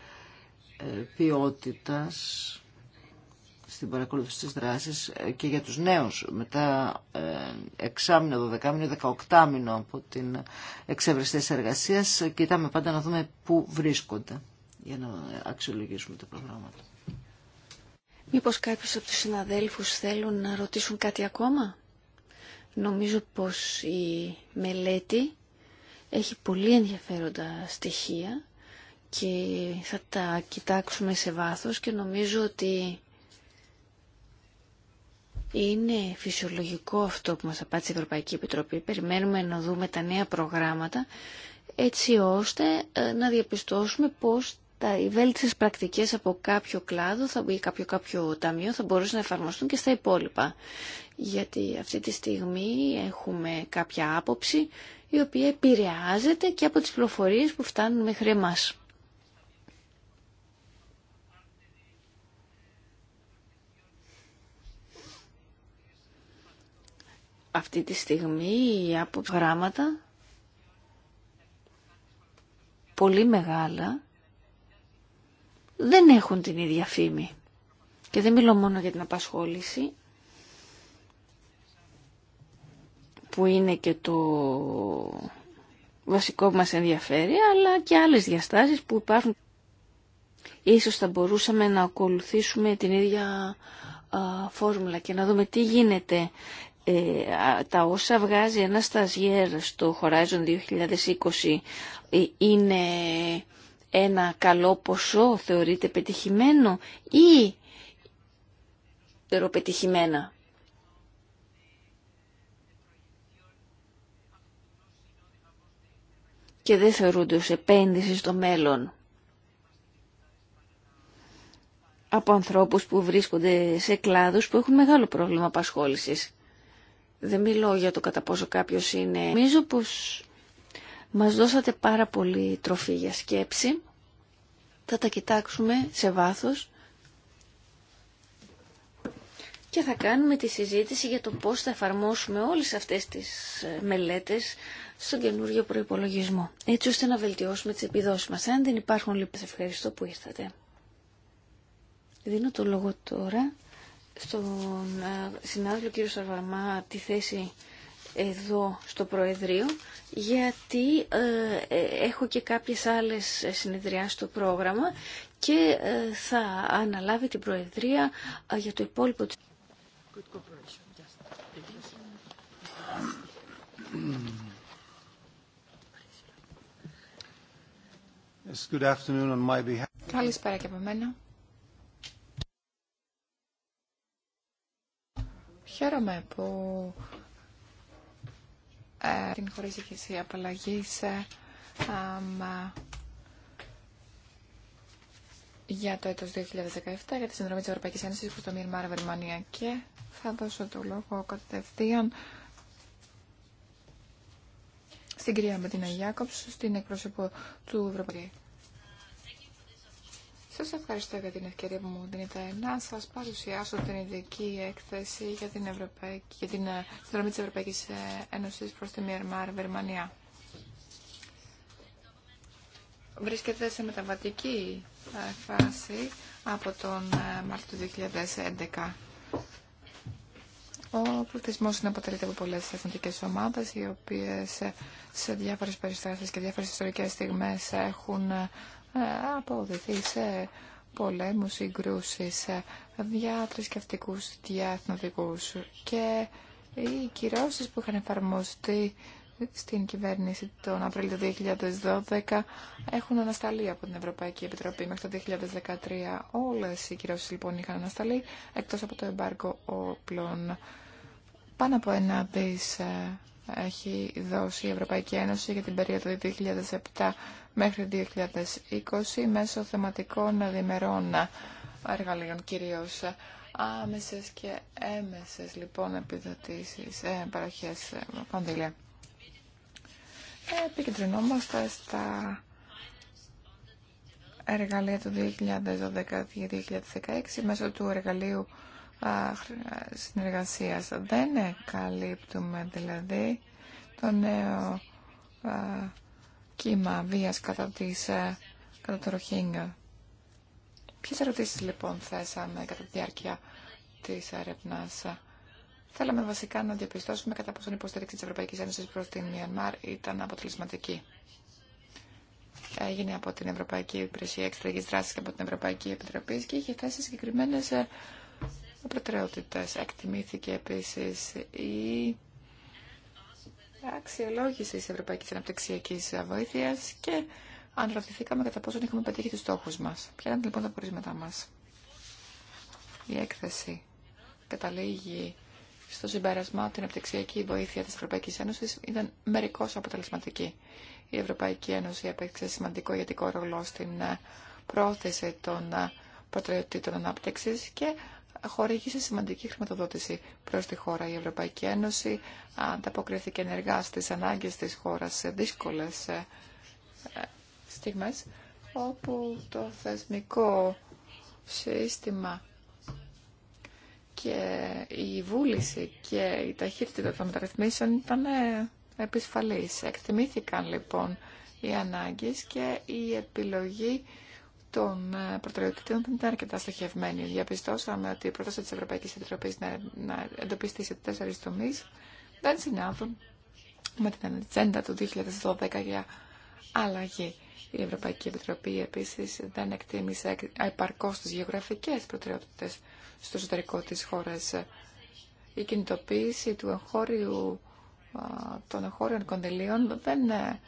ποιότητας στην παρακολούθηση της δράσης ε, και για τους νέους μετά ε, εξάμηνο, 18 δεκαοκτάμηνο από την εξέβριση της εργασίας ε, κοιτάμε πάντα να δούμε πού βρίσκονται για να αξιολογήσουμε τα προγράμματα. Μήπως κάποιος από τους συναδέλφους θέλουν να ρωτήσουν κάτι ακόμα. Νομίζω πως η μελέτη έχει πολύ ενδιαφέροντα στοιχεία και θα τα κοιτάξουμε σε βάθος και νομίζω ότι είναι φυσιολογικό αυτό που μας απάντησε η Ευρωπαϊκή Επιτροπή. Περιμένουμε να δούμε τα νέα προγράμματα έτσι ώστε ε, να διαπιστώσουμε πώς τα, οι πρακτικές από κάποιο κλάδο θα, ή κάποιο, κάποιο ταμείο θα μπορούσαν να εφαρμοστούν και στα υπόλοιπα. Γιατί αυτή τη στιγμή έχουμε κάποια άποψη η οποία επηρεάζεται και από τις πληροφορίες που φτάνουν μέχρι εμάς. αυτή τη στιγμή από γράμματα πολύ μεγάλα δεν έχουν την ίδια φήμη. Και δεν μιλώ μόνο για την απασχόληση, που είναι και το βασικό που μας ενδιαφέρει, αλλά και άλλες διαστάσεις που υπάρχουν. Ίσως θα μπορούσαμε να ακολουθήσουμε την ίδια φόρμουλα και να δούμε τι γίνεται ε, τα όσα βγάζει ένα σταζιέρ στο Horizon 2020 ε, είναι ένα καλό ποσό, θεωρείται πετυχημένο ή πετυχημένα. και δεν θεωρούνται ως επένδυση στο μέλλον από ανθρώπους που βρίσκονται σε κλάδους που έχουν μεγάλο πρόβλημα απασχόλησης. Δεν μιλώ για το κατά πόσο κάποιος είναι. Νομίζω πως μας δώσατε πάρα πολύ τροφή για σκέψη. Θα τα κοιτάξουμε σε βάθος και θα κάνουμε τη συζήτηση για το πώς θα εφαρμόσουμε όλες αυτές τις ε, μελέτες στον καινούριο προϋπολογισμό, έτσι ώστε να βελτιώσουμε τις επιδόσεις μας. Αν δεν υπάρχουν λοιπόν, ευχαριστώ που ήρθατε. Δίνω το λόγο τώρα στον ε, συνάδελφο κύριο Σαρβαμά τη θέση εδώ στο Προεδρείο γιατί ε, ε, έχω και κάποιες άλλες συνεδριά στο πρόγραμμα και θα αναλάβει την Προεδρία για το υπόλοιπο της... Καλησπέρα και από μένα. Χαίρομαι που ε, την εσύ απαλλαγής ε, για το έτος 2017 για τη συνδρομή της Ευρωπαϊκής Ένωσης προς το Μιρμάρ Βερμανία και θα δώσω το λόγο κατευθείαν στην κυρία Μπετίνα Γιάκοψ, στην εκπρόσωπο του Ευρωπαϊκού σας ευχαριστώ για την ευκαιρία που μου δίνετε να σας παρουσιάσω την ειδική έκθεση για την, Ευρωπαϊκή, για την συνδρομή ε, της Ευρωπαϊκής ε, Ένωσης προς τη Μιερμάρ Βερμανία. Βρίσκεται σε μεταβατική ε, φάση από τον Μάρτιο του 2011. Ο πληθυσμό είναι αποτελείται από πολλέ εθνικέ ομάδε, οι οποίε σε διάφορε περιστάσει και διάφορε ιστορικέ στιγμέ έχουν ε, αποδεθεί σε πολέμους, συγκρούσεις, ε, διατρησκευτικούς, διαθνοδικούς και οι κυρώσεις που είχαν εφαρμοστεί στην κυβέρνηση τον Απρίλιο του 2012 έχουν ανασταλεί από την Ευρωπαϊκή Επιτροπή μέχρι το 2013. Όλες οι κυρώσεις λοιπόν είχαν ανασταλεί εκτός από το εμπάργκο όπλων. Πάνω από ένα δις ε, έχει δώσει η Ευρωπαϊκή Ένωση για την περίοδο 2007 μέχρι 2020 μέσω θεματικών διμερών εργαλείων κυρίως άμεσες και έμεσες λοιπόν επιδοτήσεις, ε, παροχές ε, κονδύλια. Επικεντρωνόμαστε στα εργαλεία του 2012-2016 μέσω του εργαλείου α, συνεργασίας. Δεν καλύπτουμε δηλαδή το νέο κύμα βίας κατά, ε, κατά το Ροχίνγκα. Ποιες ερωτήσεις λοιπόν θέσαμε κατά τη διάρκεια της έρευνας. Θέλαμε βασικά να διαπιστώσουμε κατά πόσο η υποστήριξη της Ευρωπαϊκής Ένωσης προς την Μιανμάρ ήταν αποτελεσματική. Έγινε από την Ευρωπαϊκή Υπηρεσία Εξωτερικής Δράσης και από την Ευρωπαϊκή Επιτροπή και είχε θέσει συγκεκριμένες ε, προτεραιότητες. Εκτιμήθηκε επίσης η τη Ευρωπαϊκή Αναπτυξιακή Βοήθειας και αναρωτηθήκαμε κατά πόσο έχουμε πετύχει τους στόχου μα. Ποια ήταν λοιπόν τα πορίσματά μας. Η έκθεση καταλήγει στο συμπέρασμα ότι η αναπτυξιακή βοήθεια της Ευρωπαϊκής Ένωσης ήταν μερικώ αποτελεσματική. Η Ευρωπαϊκή Ένωση έπαιξε σημαντικό ηγετικό ρόλο στην πρόθεση των προτεραιοτήτων ανάπτυξη και χορήγησε σημαντική χρηματοδότηση προς τη χώρα. Η Ευρωπαϊκή Ένωση ανταποκρίθηκε ενεργά στις ανάγκες της χώρας σε δύσκολες ε, στιγμές, όπου το θεσμικό σύστημα και η βούληση και η ταχύτητα των μεταρρυθμίσεων ήταν ε, επισφαλής. Εκτιμήθηκαν λοιπόν οι ανάγκες και η επιλογή των ε, προτεραιοτήτων δεν ήταν αρκετά στοχευμένη. Διαπιστώσαμε ότι η πρόταση τη Ευρωπαϊκή Επιτροπή να, να εντοπιστεί σε τέσσερι τομεί δεν συνάδουν με την ατζέντα του 2012 για αλλαγή. Η Ευρωπαϊκή Επιτροπή επίση δεν εκτίμησε επαρκώ τι γεωγραφικέ προτεραιότητε στο εσωτερικό τη χώρα. Η κινητοποίηση του εγχώριου, των εγχώριων κονδυλίων δεν ε,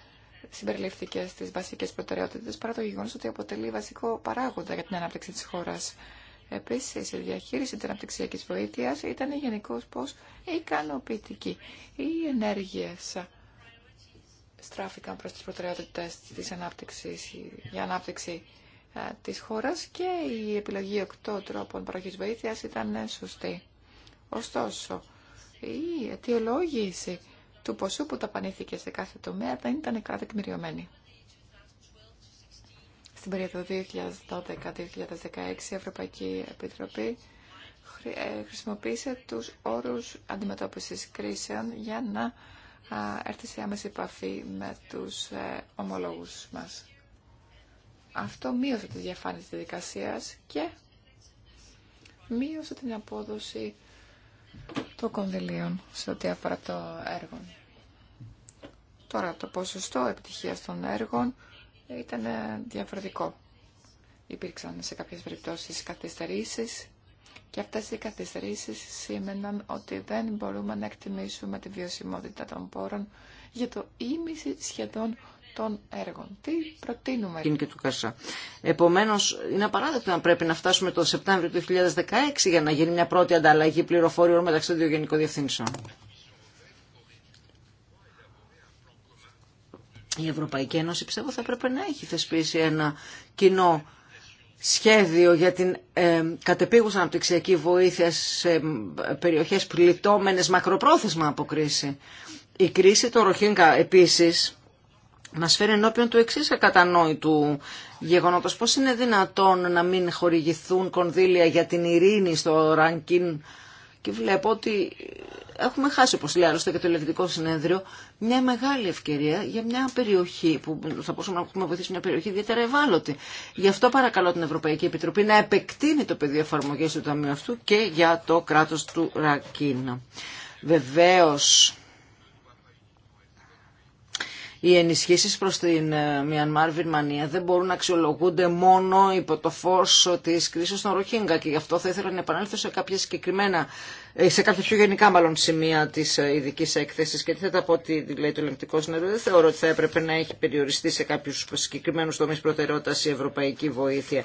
συμπεριληφθήκε στι βασικέ προτεραιότητε παρά το γεγονό ότι αποτελεί βασικό παράγοντα για την ανάπτυξη τη χώρα. Επίση, η διαχείριση τη αναπτυξιακή βοήθεια ήταν γενικώ πω ικανοποιητική. Οι ενέργειε στράφηκαν προ τι προτεραιότητε τη ανάπτυξη για ανάπτυξη ε, της χώρας και η επιλογή οκτώ τρόπων παροχή βοήθειας ήταν σωστή. Ωστόσο, η αιτιολόγηση του ποσού που ταπανήθηκε σε κάθε τομέα δεν ήταν καν Στην περίοδο 2012-2016 η Ευρωπαϊκή Επιτροπή ε, χρησιμοποίησε τους όρους αντιμετώπισης κρίσεων για να έρθει σε άμεση επαφή με τους ε, ομολόγους μας. Αυτό μείωσε τη διαφάνεια της διαδικασίας και μείωσε την απόδοση των κονδυλίων σε ό,τι αφορά το έργο. Τώρα, το ποσοστό επιτυχίας των έργων ήταν ε, διαφορετικό. Υπήρξαν σε κάποιες περιπτώσεις καθυστερήσεις και αυτές οι καθυστερήσεις σήμαιναν ότι δεν μπορούμε να εκτιμήσουμε τη βιωσιμότητα των πόρων για το ίμιση σχεδόν των έργων. Τι προτείνουμε. Είναι Επομένως, είναι απαράδεκτο να πρέπει να φτάσουμε το Σεπτέμβριο του 2016 για να γίνει μια πρώτη ανταλλαγή πληροφοριών μεταξύ των δύο γενικών διευθύνσεων. Η Ευρωπαϊκή Ένωση πιστεύω θα έπρεπε να έχει θεσπίσει ένα κοινό σχέδιο για την ε, κατεπίγουσα αναπτυξιακή βοήθεια σε περιοχές πληττόμενες μακροπρόθεσμα από κρίση. Η κρίση των Ροχίνκα επίσης μας φέρει ενώπιον του εξής ακατανόητου γεγονότος. Πώς είναι δυνατόν να μην χορηγηθούν κονδύλια για την ειρήνη στο Ρανκίν και βλέπω ότι έχουμε χάσει, όπως λέει άλλωστε και το ελευθερικό συνέδριο, μια μεγάλη ευκαιρία για μια περιοχή που θα μπορούσαμε να έχουμε βοηθήσει μια περιοχή ιδιαίτερα ευάλωτη. Γι' αυτό παρακαλώ την Ευρωπαϊκή Επιτροπή να επεκτείνει το πεδίο εφαρμογή του Ταμείου αυτού και για το κράτος του Ρακίνα. Βεβαίως, οι ενισχύσεις προς την ε, Μιανμάρ Βυρμανία δεν μπορούν να αξιολογούνται μόνο υπό το φως της κρίσης των Ροχίνγκα και γι' αυτό θα ήθελα να επανέλθω σε κάποια συγκεκριμένα ε, σε κάποια πιο γενικά μάλλον σημεία της ε, ειδική έκθεση και τα πω ό,τι λέει το ελεγκτικό συνέδριο, δεν θεωρώ ότι θα έπρεπε να έχει περιοριστεί σε κάποιου συγκεκριμένου τομεί προτεραιότητα η ευρωπαϊκή βοήθεια.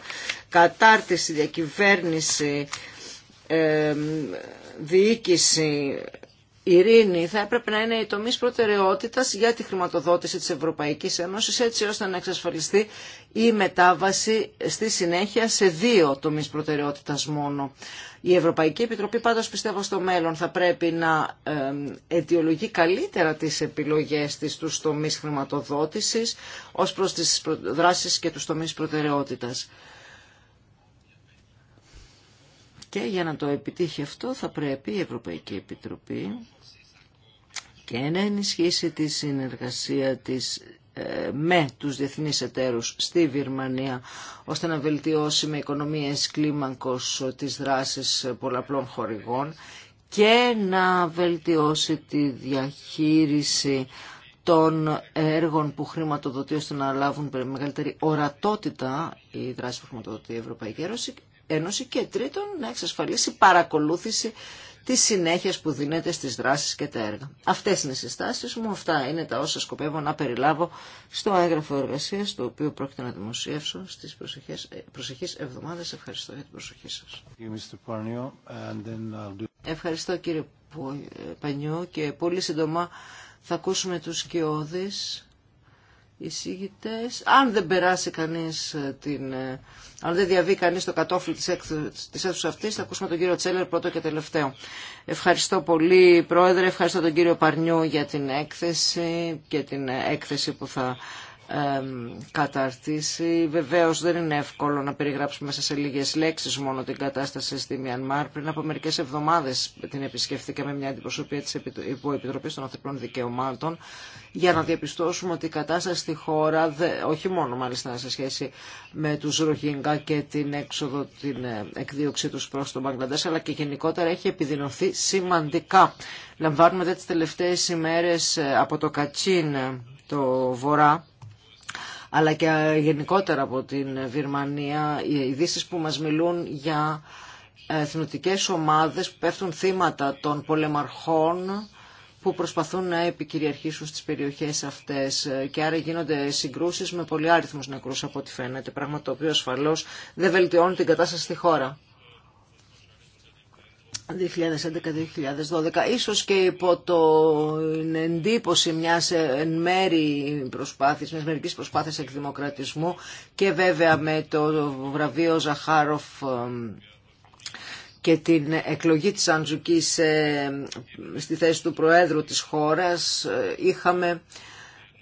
Κατάρτιση, διακυβέρνηση, διοίκηση, ειρήνη θα έπρεπε να είναι η τομή προτεραιότητα για τη χρηματοδότηση τη Ευρωπαϊκή Ένωση, έτσι ώστε να εξασφαλιστεί η μετάβαση στη συνέχεια σε δύο τομεί προτεραιότητα μόνο. Η Ευρωπαϊκή Επιτροπή πάντως πιστεύω στο μέλλον θα πρέπει να αιτιολογεί καλύτερα τις επιλογές της στους τομεί χρηματοδότησης ως προς τις δράσεις και του τομεί προτεραιότητα. Και για να το επιτύχει αυτό θα πρέπει η Ευρωπαϊκή Επιτροπή και να ενισχύσει τη συνεργασία της ε, με τους διεθνείς εταίρους στη Βυρμανία ώστε να βελτιώσει με οικονομίες κλίμακος τις δράσεις πολλαπλών χορηγών και να βελτιώσει τη διαχείριση των έργων που χρηματοδοτεί ώστε να λάβουν μεγαλύτερη ορατότητα η δράση που χρηματοδοτεί η Ευρωπαϊκή Ένωση Ένωση και τρίτον να εξασφαλίσει παρακολούθηση τις συνέχεια που δίνεται στις δράσεις και τα έργα. Αυτές είναι οι συστάσεις μου, αυτά είναι τα όσα σκοπεύω να περιλάβω στο έγγραφο εργασίας, το οποίο πρόκειται να δημοσιεύσω στις ε, προσεχείς εβδομάδες. Ευχαριστώ για την προσοχή σας. Ευχαριστώ κύριε ε, Πανιό και πολύ σύντομα θα ακούσουμε τους Κιώδης εισηγητές. Αν δεν περάσει κανείς ε, την... Ε, αν δεν διαβεί κανεί το κατόφλι της, αίθουσα αυτή, θα ακούσουμε τον κύριο Τσέλερ πρώτο και τελευταίο. Ευχαριστώ πολύ, Πρόεδρε. Ευχαριστώ τον κύριο Παρνιού για την έκθεση και την ε, έκθεση που θα καταρτήσει. Βεβαίω δεν είναι εύκολο να περιγράψουμε μέσα σε λίγε λέξει μόνο την κατάσταση στη Μιανμάρ. Πριν από μερικέ εβδομάδε την επισκεφθήκαμε μια αντιπροσωπεία τη Υποεπιτροπή των Ανθρωπίνων Δικαιωμάτων για να διαπιστώσουμε ότι η κατάσταση στη χώρα, όχι μόνο μάλιστα σε σχέση με του Ροχίνγκα και την έξοδο, την ε, εκδίωξή του προ τον Μπαγκλαντέ, αλλά και γενικότερα έχει επιδεινωθεί σημαντικά. Λαμβάνουμε δε τι τελευταίε ημέρε ε, από το Κατσίν, ε, το Βορρά, αλλά και γενικότερα από την Βυρμανία, οι ειδήσει που μας μιλούν για εθνοτικές ομάδες που πέφτουν θύματα των πολεμαρχών που προσπαθούν να επικυριαρχήσουν στις περιοχές αυτές και άρα γίνονται συγκρούσεις με πολύ άριθμους νεκρούς από ό,τι φαίνεται, πράγμα το οποίο ασφαλώς δεν βελτιώνει την κατάσταση στη χώρα. 2011-2012, ίσως και υπό την εντύπωση μιας εν μέρη προσπάθειας, μερικής προσπάθειας εκδημοκρατισμού και βέβαια με το βραβείο Ζαχάροφ και την εκλογή της Αντζουκή στη θέση του Προέδρου της χώρας ε, είχαμε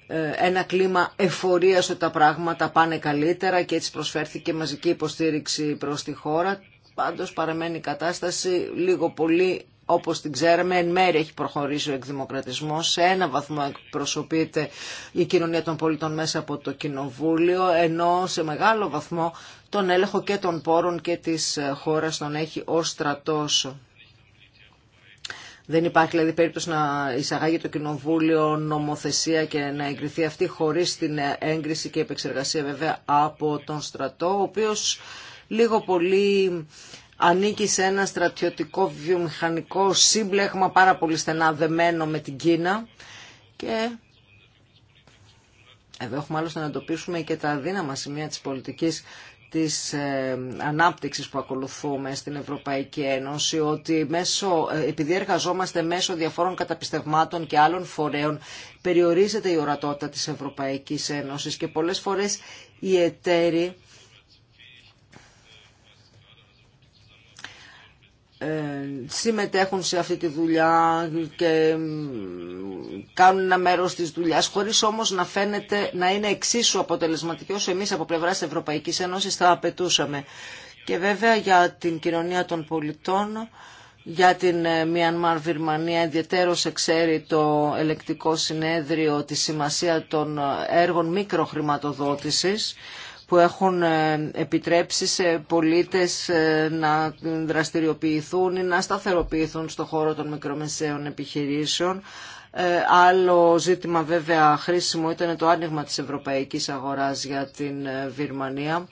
ε, ένα κλίμα εφορίας ότι τα πράγματα πάνε καλύτερα και έτσι προσφέρθηκε μαζική υποστήριξη προς τη χώρα. Πάντως παραμένει η κατάσταση λίγο πολύ όπως την ξέραμε, εν μέρει έχει προχωρήσει ο εκδημοκρατισμός, σε ένα βαθμό εκπροσωπείται η κοινωνία των πολιτών μέσα από το κοινοβούλιο, ενώ σε μεγάλο βαθμό τον έλεγχο και των πόρων και της χώρας τον έχει ο στρατός. Δεν υπάρχει δηλαδή περίπτωση να εισαγάγει το Κοινοβούλιο νομοθεσία και να εγκριθεί αυτή χωρίς την έγκριση και επεξεργασία βέβαια από τον στρατό, ο οποίος λίγο πολύ ανήκει σε ένα στρατιωτικό βιομηχανικό σύμπλεγμα πάρα πολύ στενά δεμένο με την Κίνα και εδώ έχουμε άλλωστε να εντοπίσουμε και τα αδύναμα σημεία της πολιτικής της ε, ανάπτυξης που ακολουθούμε στην Ευρωπαϊκή Ένωση ότι μέσω, ε, επειδή εργαζόμαστε μέσω διαφόρων καταπιστευμάτων και άλλων φορέων περιορίζεται η ορατότητα της Ευρωπαϊκής Ένωσης και πολλές φορές οι εταίροι Ε, συμμετέχουν σε αυτή τη δουλειά και κάνουν ένα μέρος της δουλειάς, χωρίς όμως να φαίνεται να είναι εξίσου αποτελεσματική όσο εμείς από πλευράς Ευρωπαϊκής Ένωσης θα απαιτούσαμε. Και βέβαια για την κοινωνία των πολιτών, για την Μιανμάρ ε, Βιρμανία ιδιαίτερος εξαίρει το ελεκτικό συνέδριο τη σημασία των ε, έργων μικροχρηματοδότησης, που έχουν ε, επιτρέψει σε πολίτες ε, να δραστηριοποιηθούν ή να σταθεροποιηθούν στον χώρο των μικρομεσαίων επιχειρήσεων. Ε, άλλο ζήτημα βέβαια χρήσιμο ήταν το άνοιγμα της ευρωπαϊκής αγοράς για την Βυρμανία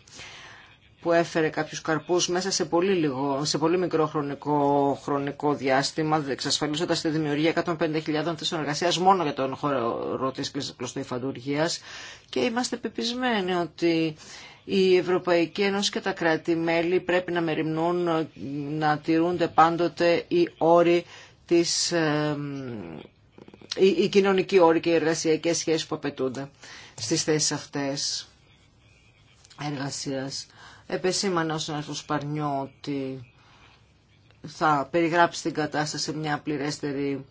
που έφερε κάποιους καρπούς μέσα σε πολύ, λίγο, σε πολύ μικρό χρονικό, χρονικό διάστημα, εξασφαλίζοντα τη δημιουργία 150.000 θέσεων εργασία μόνο για τον χώρο της φαντουργίας. και είμαστε πεπισμένοι ότι η Ευρωπαϊκή Ένωση και τα κράτη-μέλη πρέπει να μεριμνούν να τηρούνται πάντοτε οι όροι οι κοινωνικοί όροι και οι εργασιακές σχέσεις που απαιτούνται στις θέσεις αυτές εργασίας επεσήμανε ο συνάδελφος Παρνιό ότι θα περιγράψει την κατάσταση σε μια πληρέστερη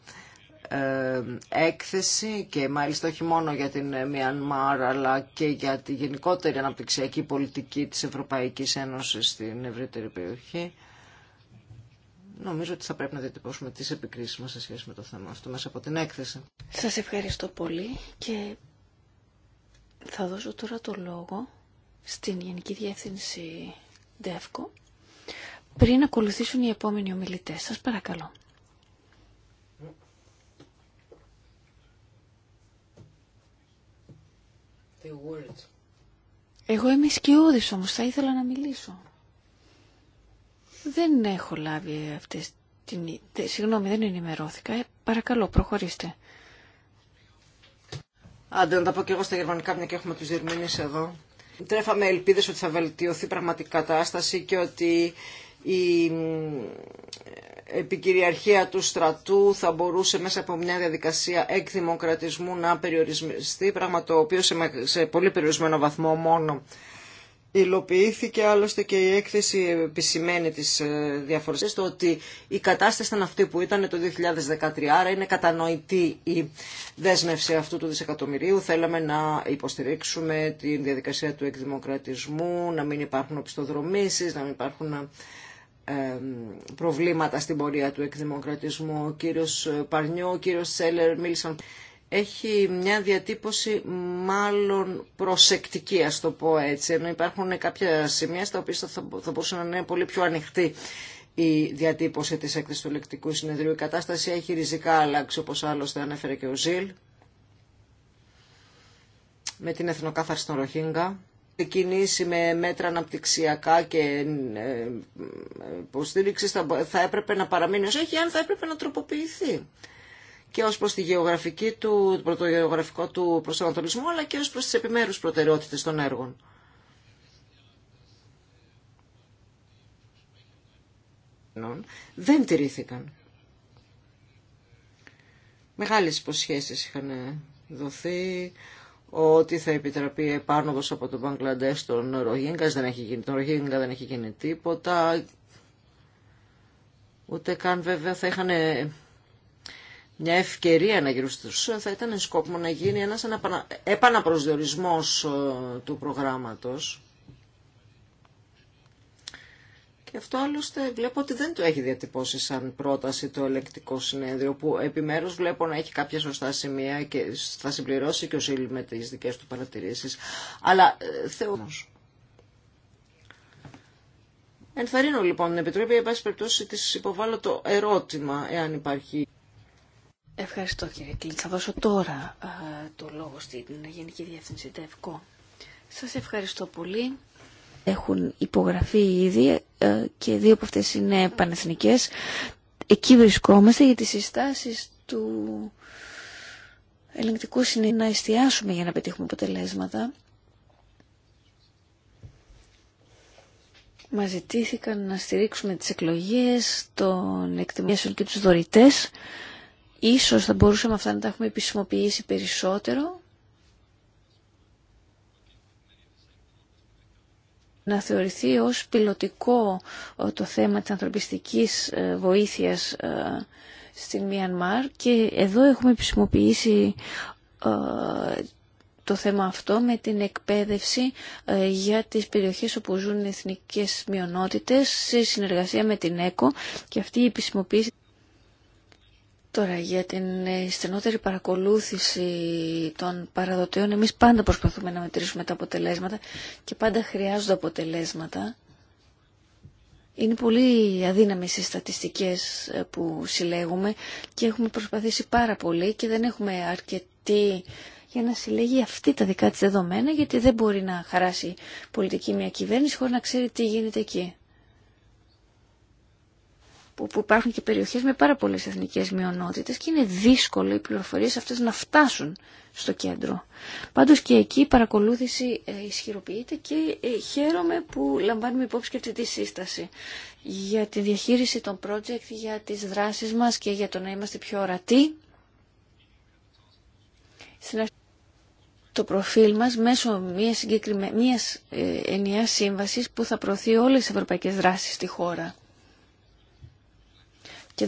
ε, έκθεση και μάλιστα όχι μόνο για την ε, Μιανμάρ αλλά και για τη γενικότερη αναπτυξιακή πολιτική της Ευρωπαϊκής Ένωσης στην ευρύτερη περιοχή. Νομίζω ότι θα πρέπει να διατυπώσουμε τις επικρίσεις μας σε σχέση με το θέμα αυτό μέσα από την έκθεση. Σας ευχαριστώ πολύ και θα δώσω τώρα το λόγο στην Γενική Διεύθυνση ΔΕΦΚΟ πριν ακολουθήσουν οι επόμενοι ομιλητές. Σας παρακαλώ. Εγώ είμαι σκιώδης όμως, θα ήθελα να μιλήσω. Δεν έχω λάβει αυτές την... Συγγνώμη, δεν ενημερώθηκα. Ε, παρακαλώ, προχωρήστε. Άντε να τα πω και εγώ στα γερμανικά, μια και έχουμε τους διερμηνείς εδώ τρέφαμε ελπίδες ότι θα βελτιωθεί πραγματική κατάσταση και ότι η ε, επικυριαρχία του στρατού θα μπορούσε μέσα από μια διαδικασία εκδημοκρατισμού να περιοριστεί, πράγμα το οποίο σε πολύ περιορισμένο βαθμό μόνο Υλοποιήθηκε άλλωστε και η έκθεση επισημένη της ε, διαφορές στο ότι η κατάσταση ήταν αυτή που ήταν το 2013, άρα είναι κατανοητή η δέσμευση αυτού του δισεκατομμυρίου. Θέλαμε να υποστηρίξουμε τη διαδικασία του εκδημοκρατισμού, να μην υπάρχουν οπισθοδρομήσεις, να μην υπάρχουν ε, προβλήματα στην πορεία του εκδημοκρατισμού. Ο κύριος Παρνιό, ο κύριος Σέλερ μίλησαν έχει μια διατύπωση μάλλον προσεκτική, ας το πω έτσι, ενώ υπάρχουν κάποια σημεία στα οποία θα, θα μπορούσαν να είναι πολύ πιο ανοιχτή η διατύπωση της έκθεσης του λεκτικού συνεδρίου. Η κατάσταση έχει ριζικά αλλάξει, όπως άλλωστε ανέφερε και ο Ζιλ, με την εθνοκάθαρση των Ροχίνγκα. Ξεκινήσει με μέτρα αναπτυξιακά και ε, υποστήριξη θα έπρεπε να παραμείνει ως αν θα έπρεπε να τροποποιηθεί και ως προς τη γεωγραφική του, το γεωγραφικό του προσανατολισμό, αλλά και ως προς τις επιμέρους προτεραιότητες των έργων. Δεν τηρήθηκαν. Μεγάλες υποσχέσεις είχαν δοθεί ότι θα επιτραπεί επάνωδος από τον Μπαγκλαντές τον Ρογίνγκα, δεν έχει γίνει, τον δεν έχει γίνει τίποτα. Ούτε καν βέβαια θα είχαν μια ευκαιρία να γυρίσουν θα ήταν σκόπιμο να γίνει ένας επαναπροσδιορισμός ε, του προγράμματος. Και αυτό άλλωστε βλέπω ότι δεν το έχει διατυπώσει σαν πρόταση το ελεκτικό συνέδριο, που επιμέρους βλέπω να έχει κάποια σωστά σημεία και θα συμπληρώσει και ο Σίλ με τις δικές του παρατηρήσεις. Αλλά ε, θεωρώ... Ενθαρρύνω λοιπόν την Επιτροπή, εν πάση περιπτώσει της υποβάλλω το ερώτημα, εάν υπάρχει... Ευχαριστώ κύριε Κλίντ. Θα δώσω τώρα το λόγο στην Γενική Διεύθυνση ΤΕΦΚΟ. Σας ευχαριστώ πολύ. Έχουν υπογραφεί ήδη και δύο από αυτές είναι πανεθνικές. Εκεί βρισκόμαστε για τις συστάσεις του ελεγκτικού είναι να εστιάσουμε για να πετύχουμε αποτελέσματα. Μα ζητήθηκαν να στηρίξουμε τις εκλογές των εκτιμήσεων και τους δωρητές. Ίσως θα μπορούσαμε αυτά να τα έχουμε επισημοποιήσει περισσότερο. να θεωρηθεί ως πιλωτικό ε, το θέμα της ανθρωπιστικής ε, βοήθειας ε, στην Μιανμάρ και εδώ έχουμε επισημοποιήσει το θέμα αυτό με την εκπαίδευση για τις περιοχές όπου ζουν εθνικές μειονότητες σε συνεργασία με την ΕΚΟ και αυτή η επισημοποίηση Τώρα για την ε, στενότερη παρακολούθηση των παραδοτέων εμείς πάντα προσπαθούμε να μετρήσουμε τα αποτελέσματα και πάντα χρειάζονται αποτελέσματα. Είναι πολύ αδύναμες οι στατιστικές ε, που συλλέγουμε και έχουμε προσπαθήσει πάρα πολύ και δεν έχουμε αρκετή για να συλλέγει αυτή τα δικά της δεδομένα γιατί δεν μπορεί να χαράσει πολιτική μια κυβέρνηση χωρίς να ξέρει τι γίνεται εκεί που, υπάρχουν και περιοχές με πάρα πολλές εθνικές μειονότητες και είναι δύσκολο οι πληροφορίες αυτές να φτάσουν στο κέντρο. Πάντως και εκεί η παρακολούθηση ε, ισχυροποιείται και ε, χαίρομαι που λαμβάνουμε υπόψη και αυτή τη σύσταση για τη διαχείριση των project, για τις δράσεις μας και για το να είμαστε πιο ορατοί. Το προφίλ μας μέσω μιας, συγκεκριμέ... μιας ε, ενιαίας σύμβασης που θα προωθεί όλες τις ευρωπαϊκές δράσεις στη χώρα.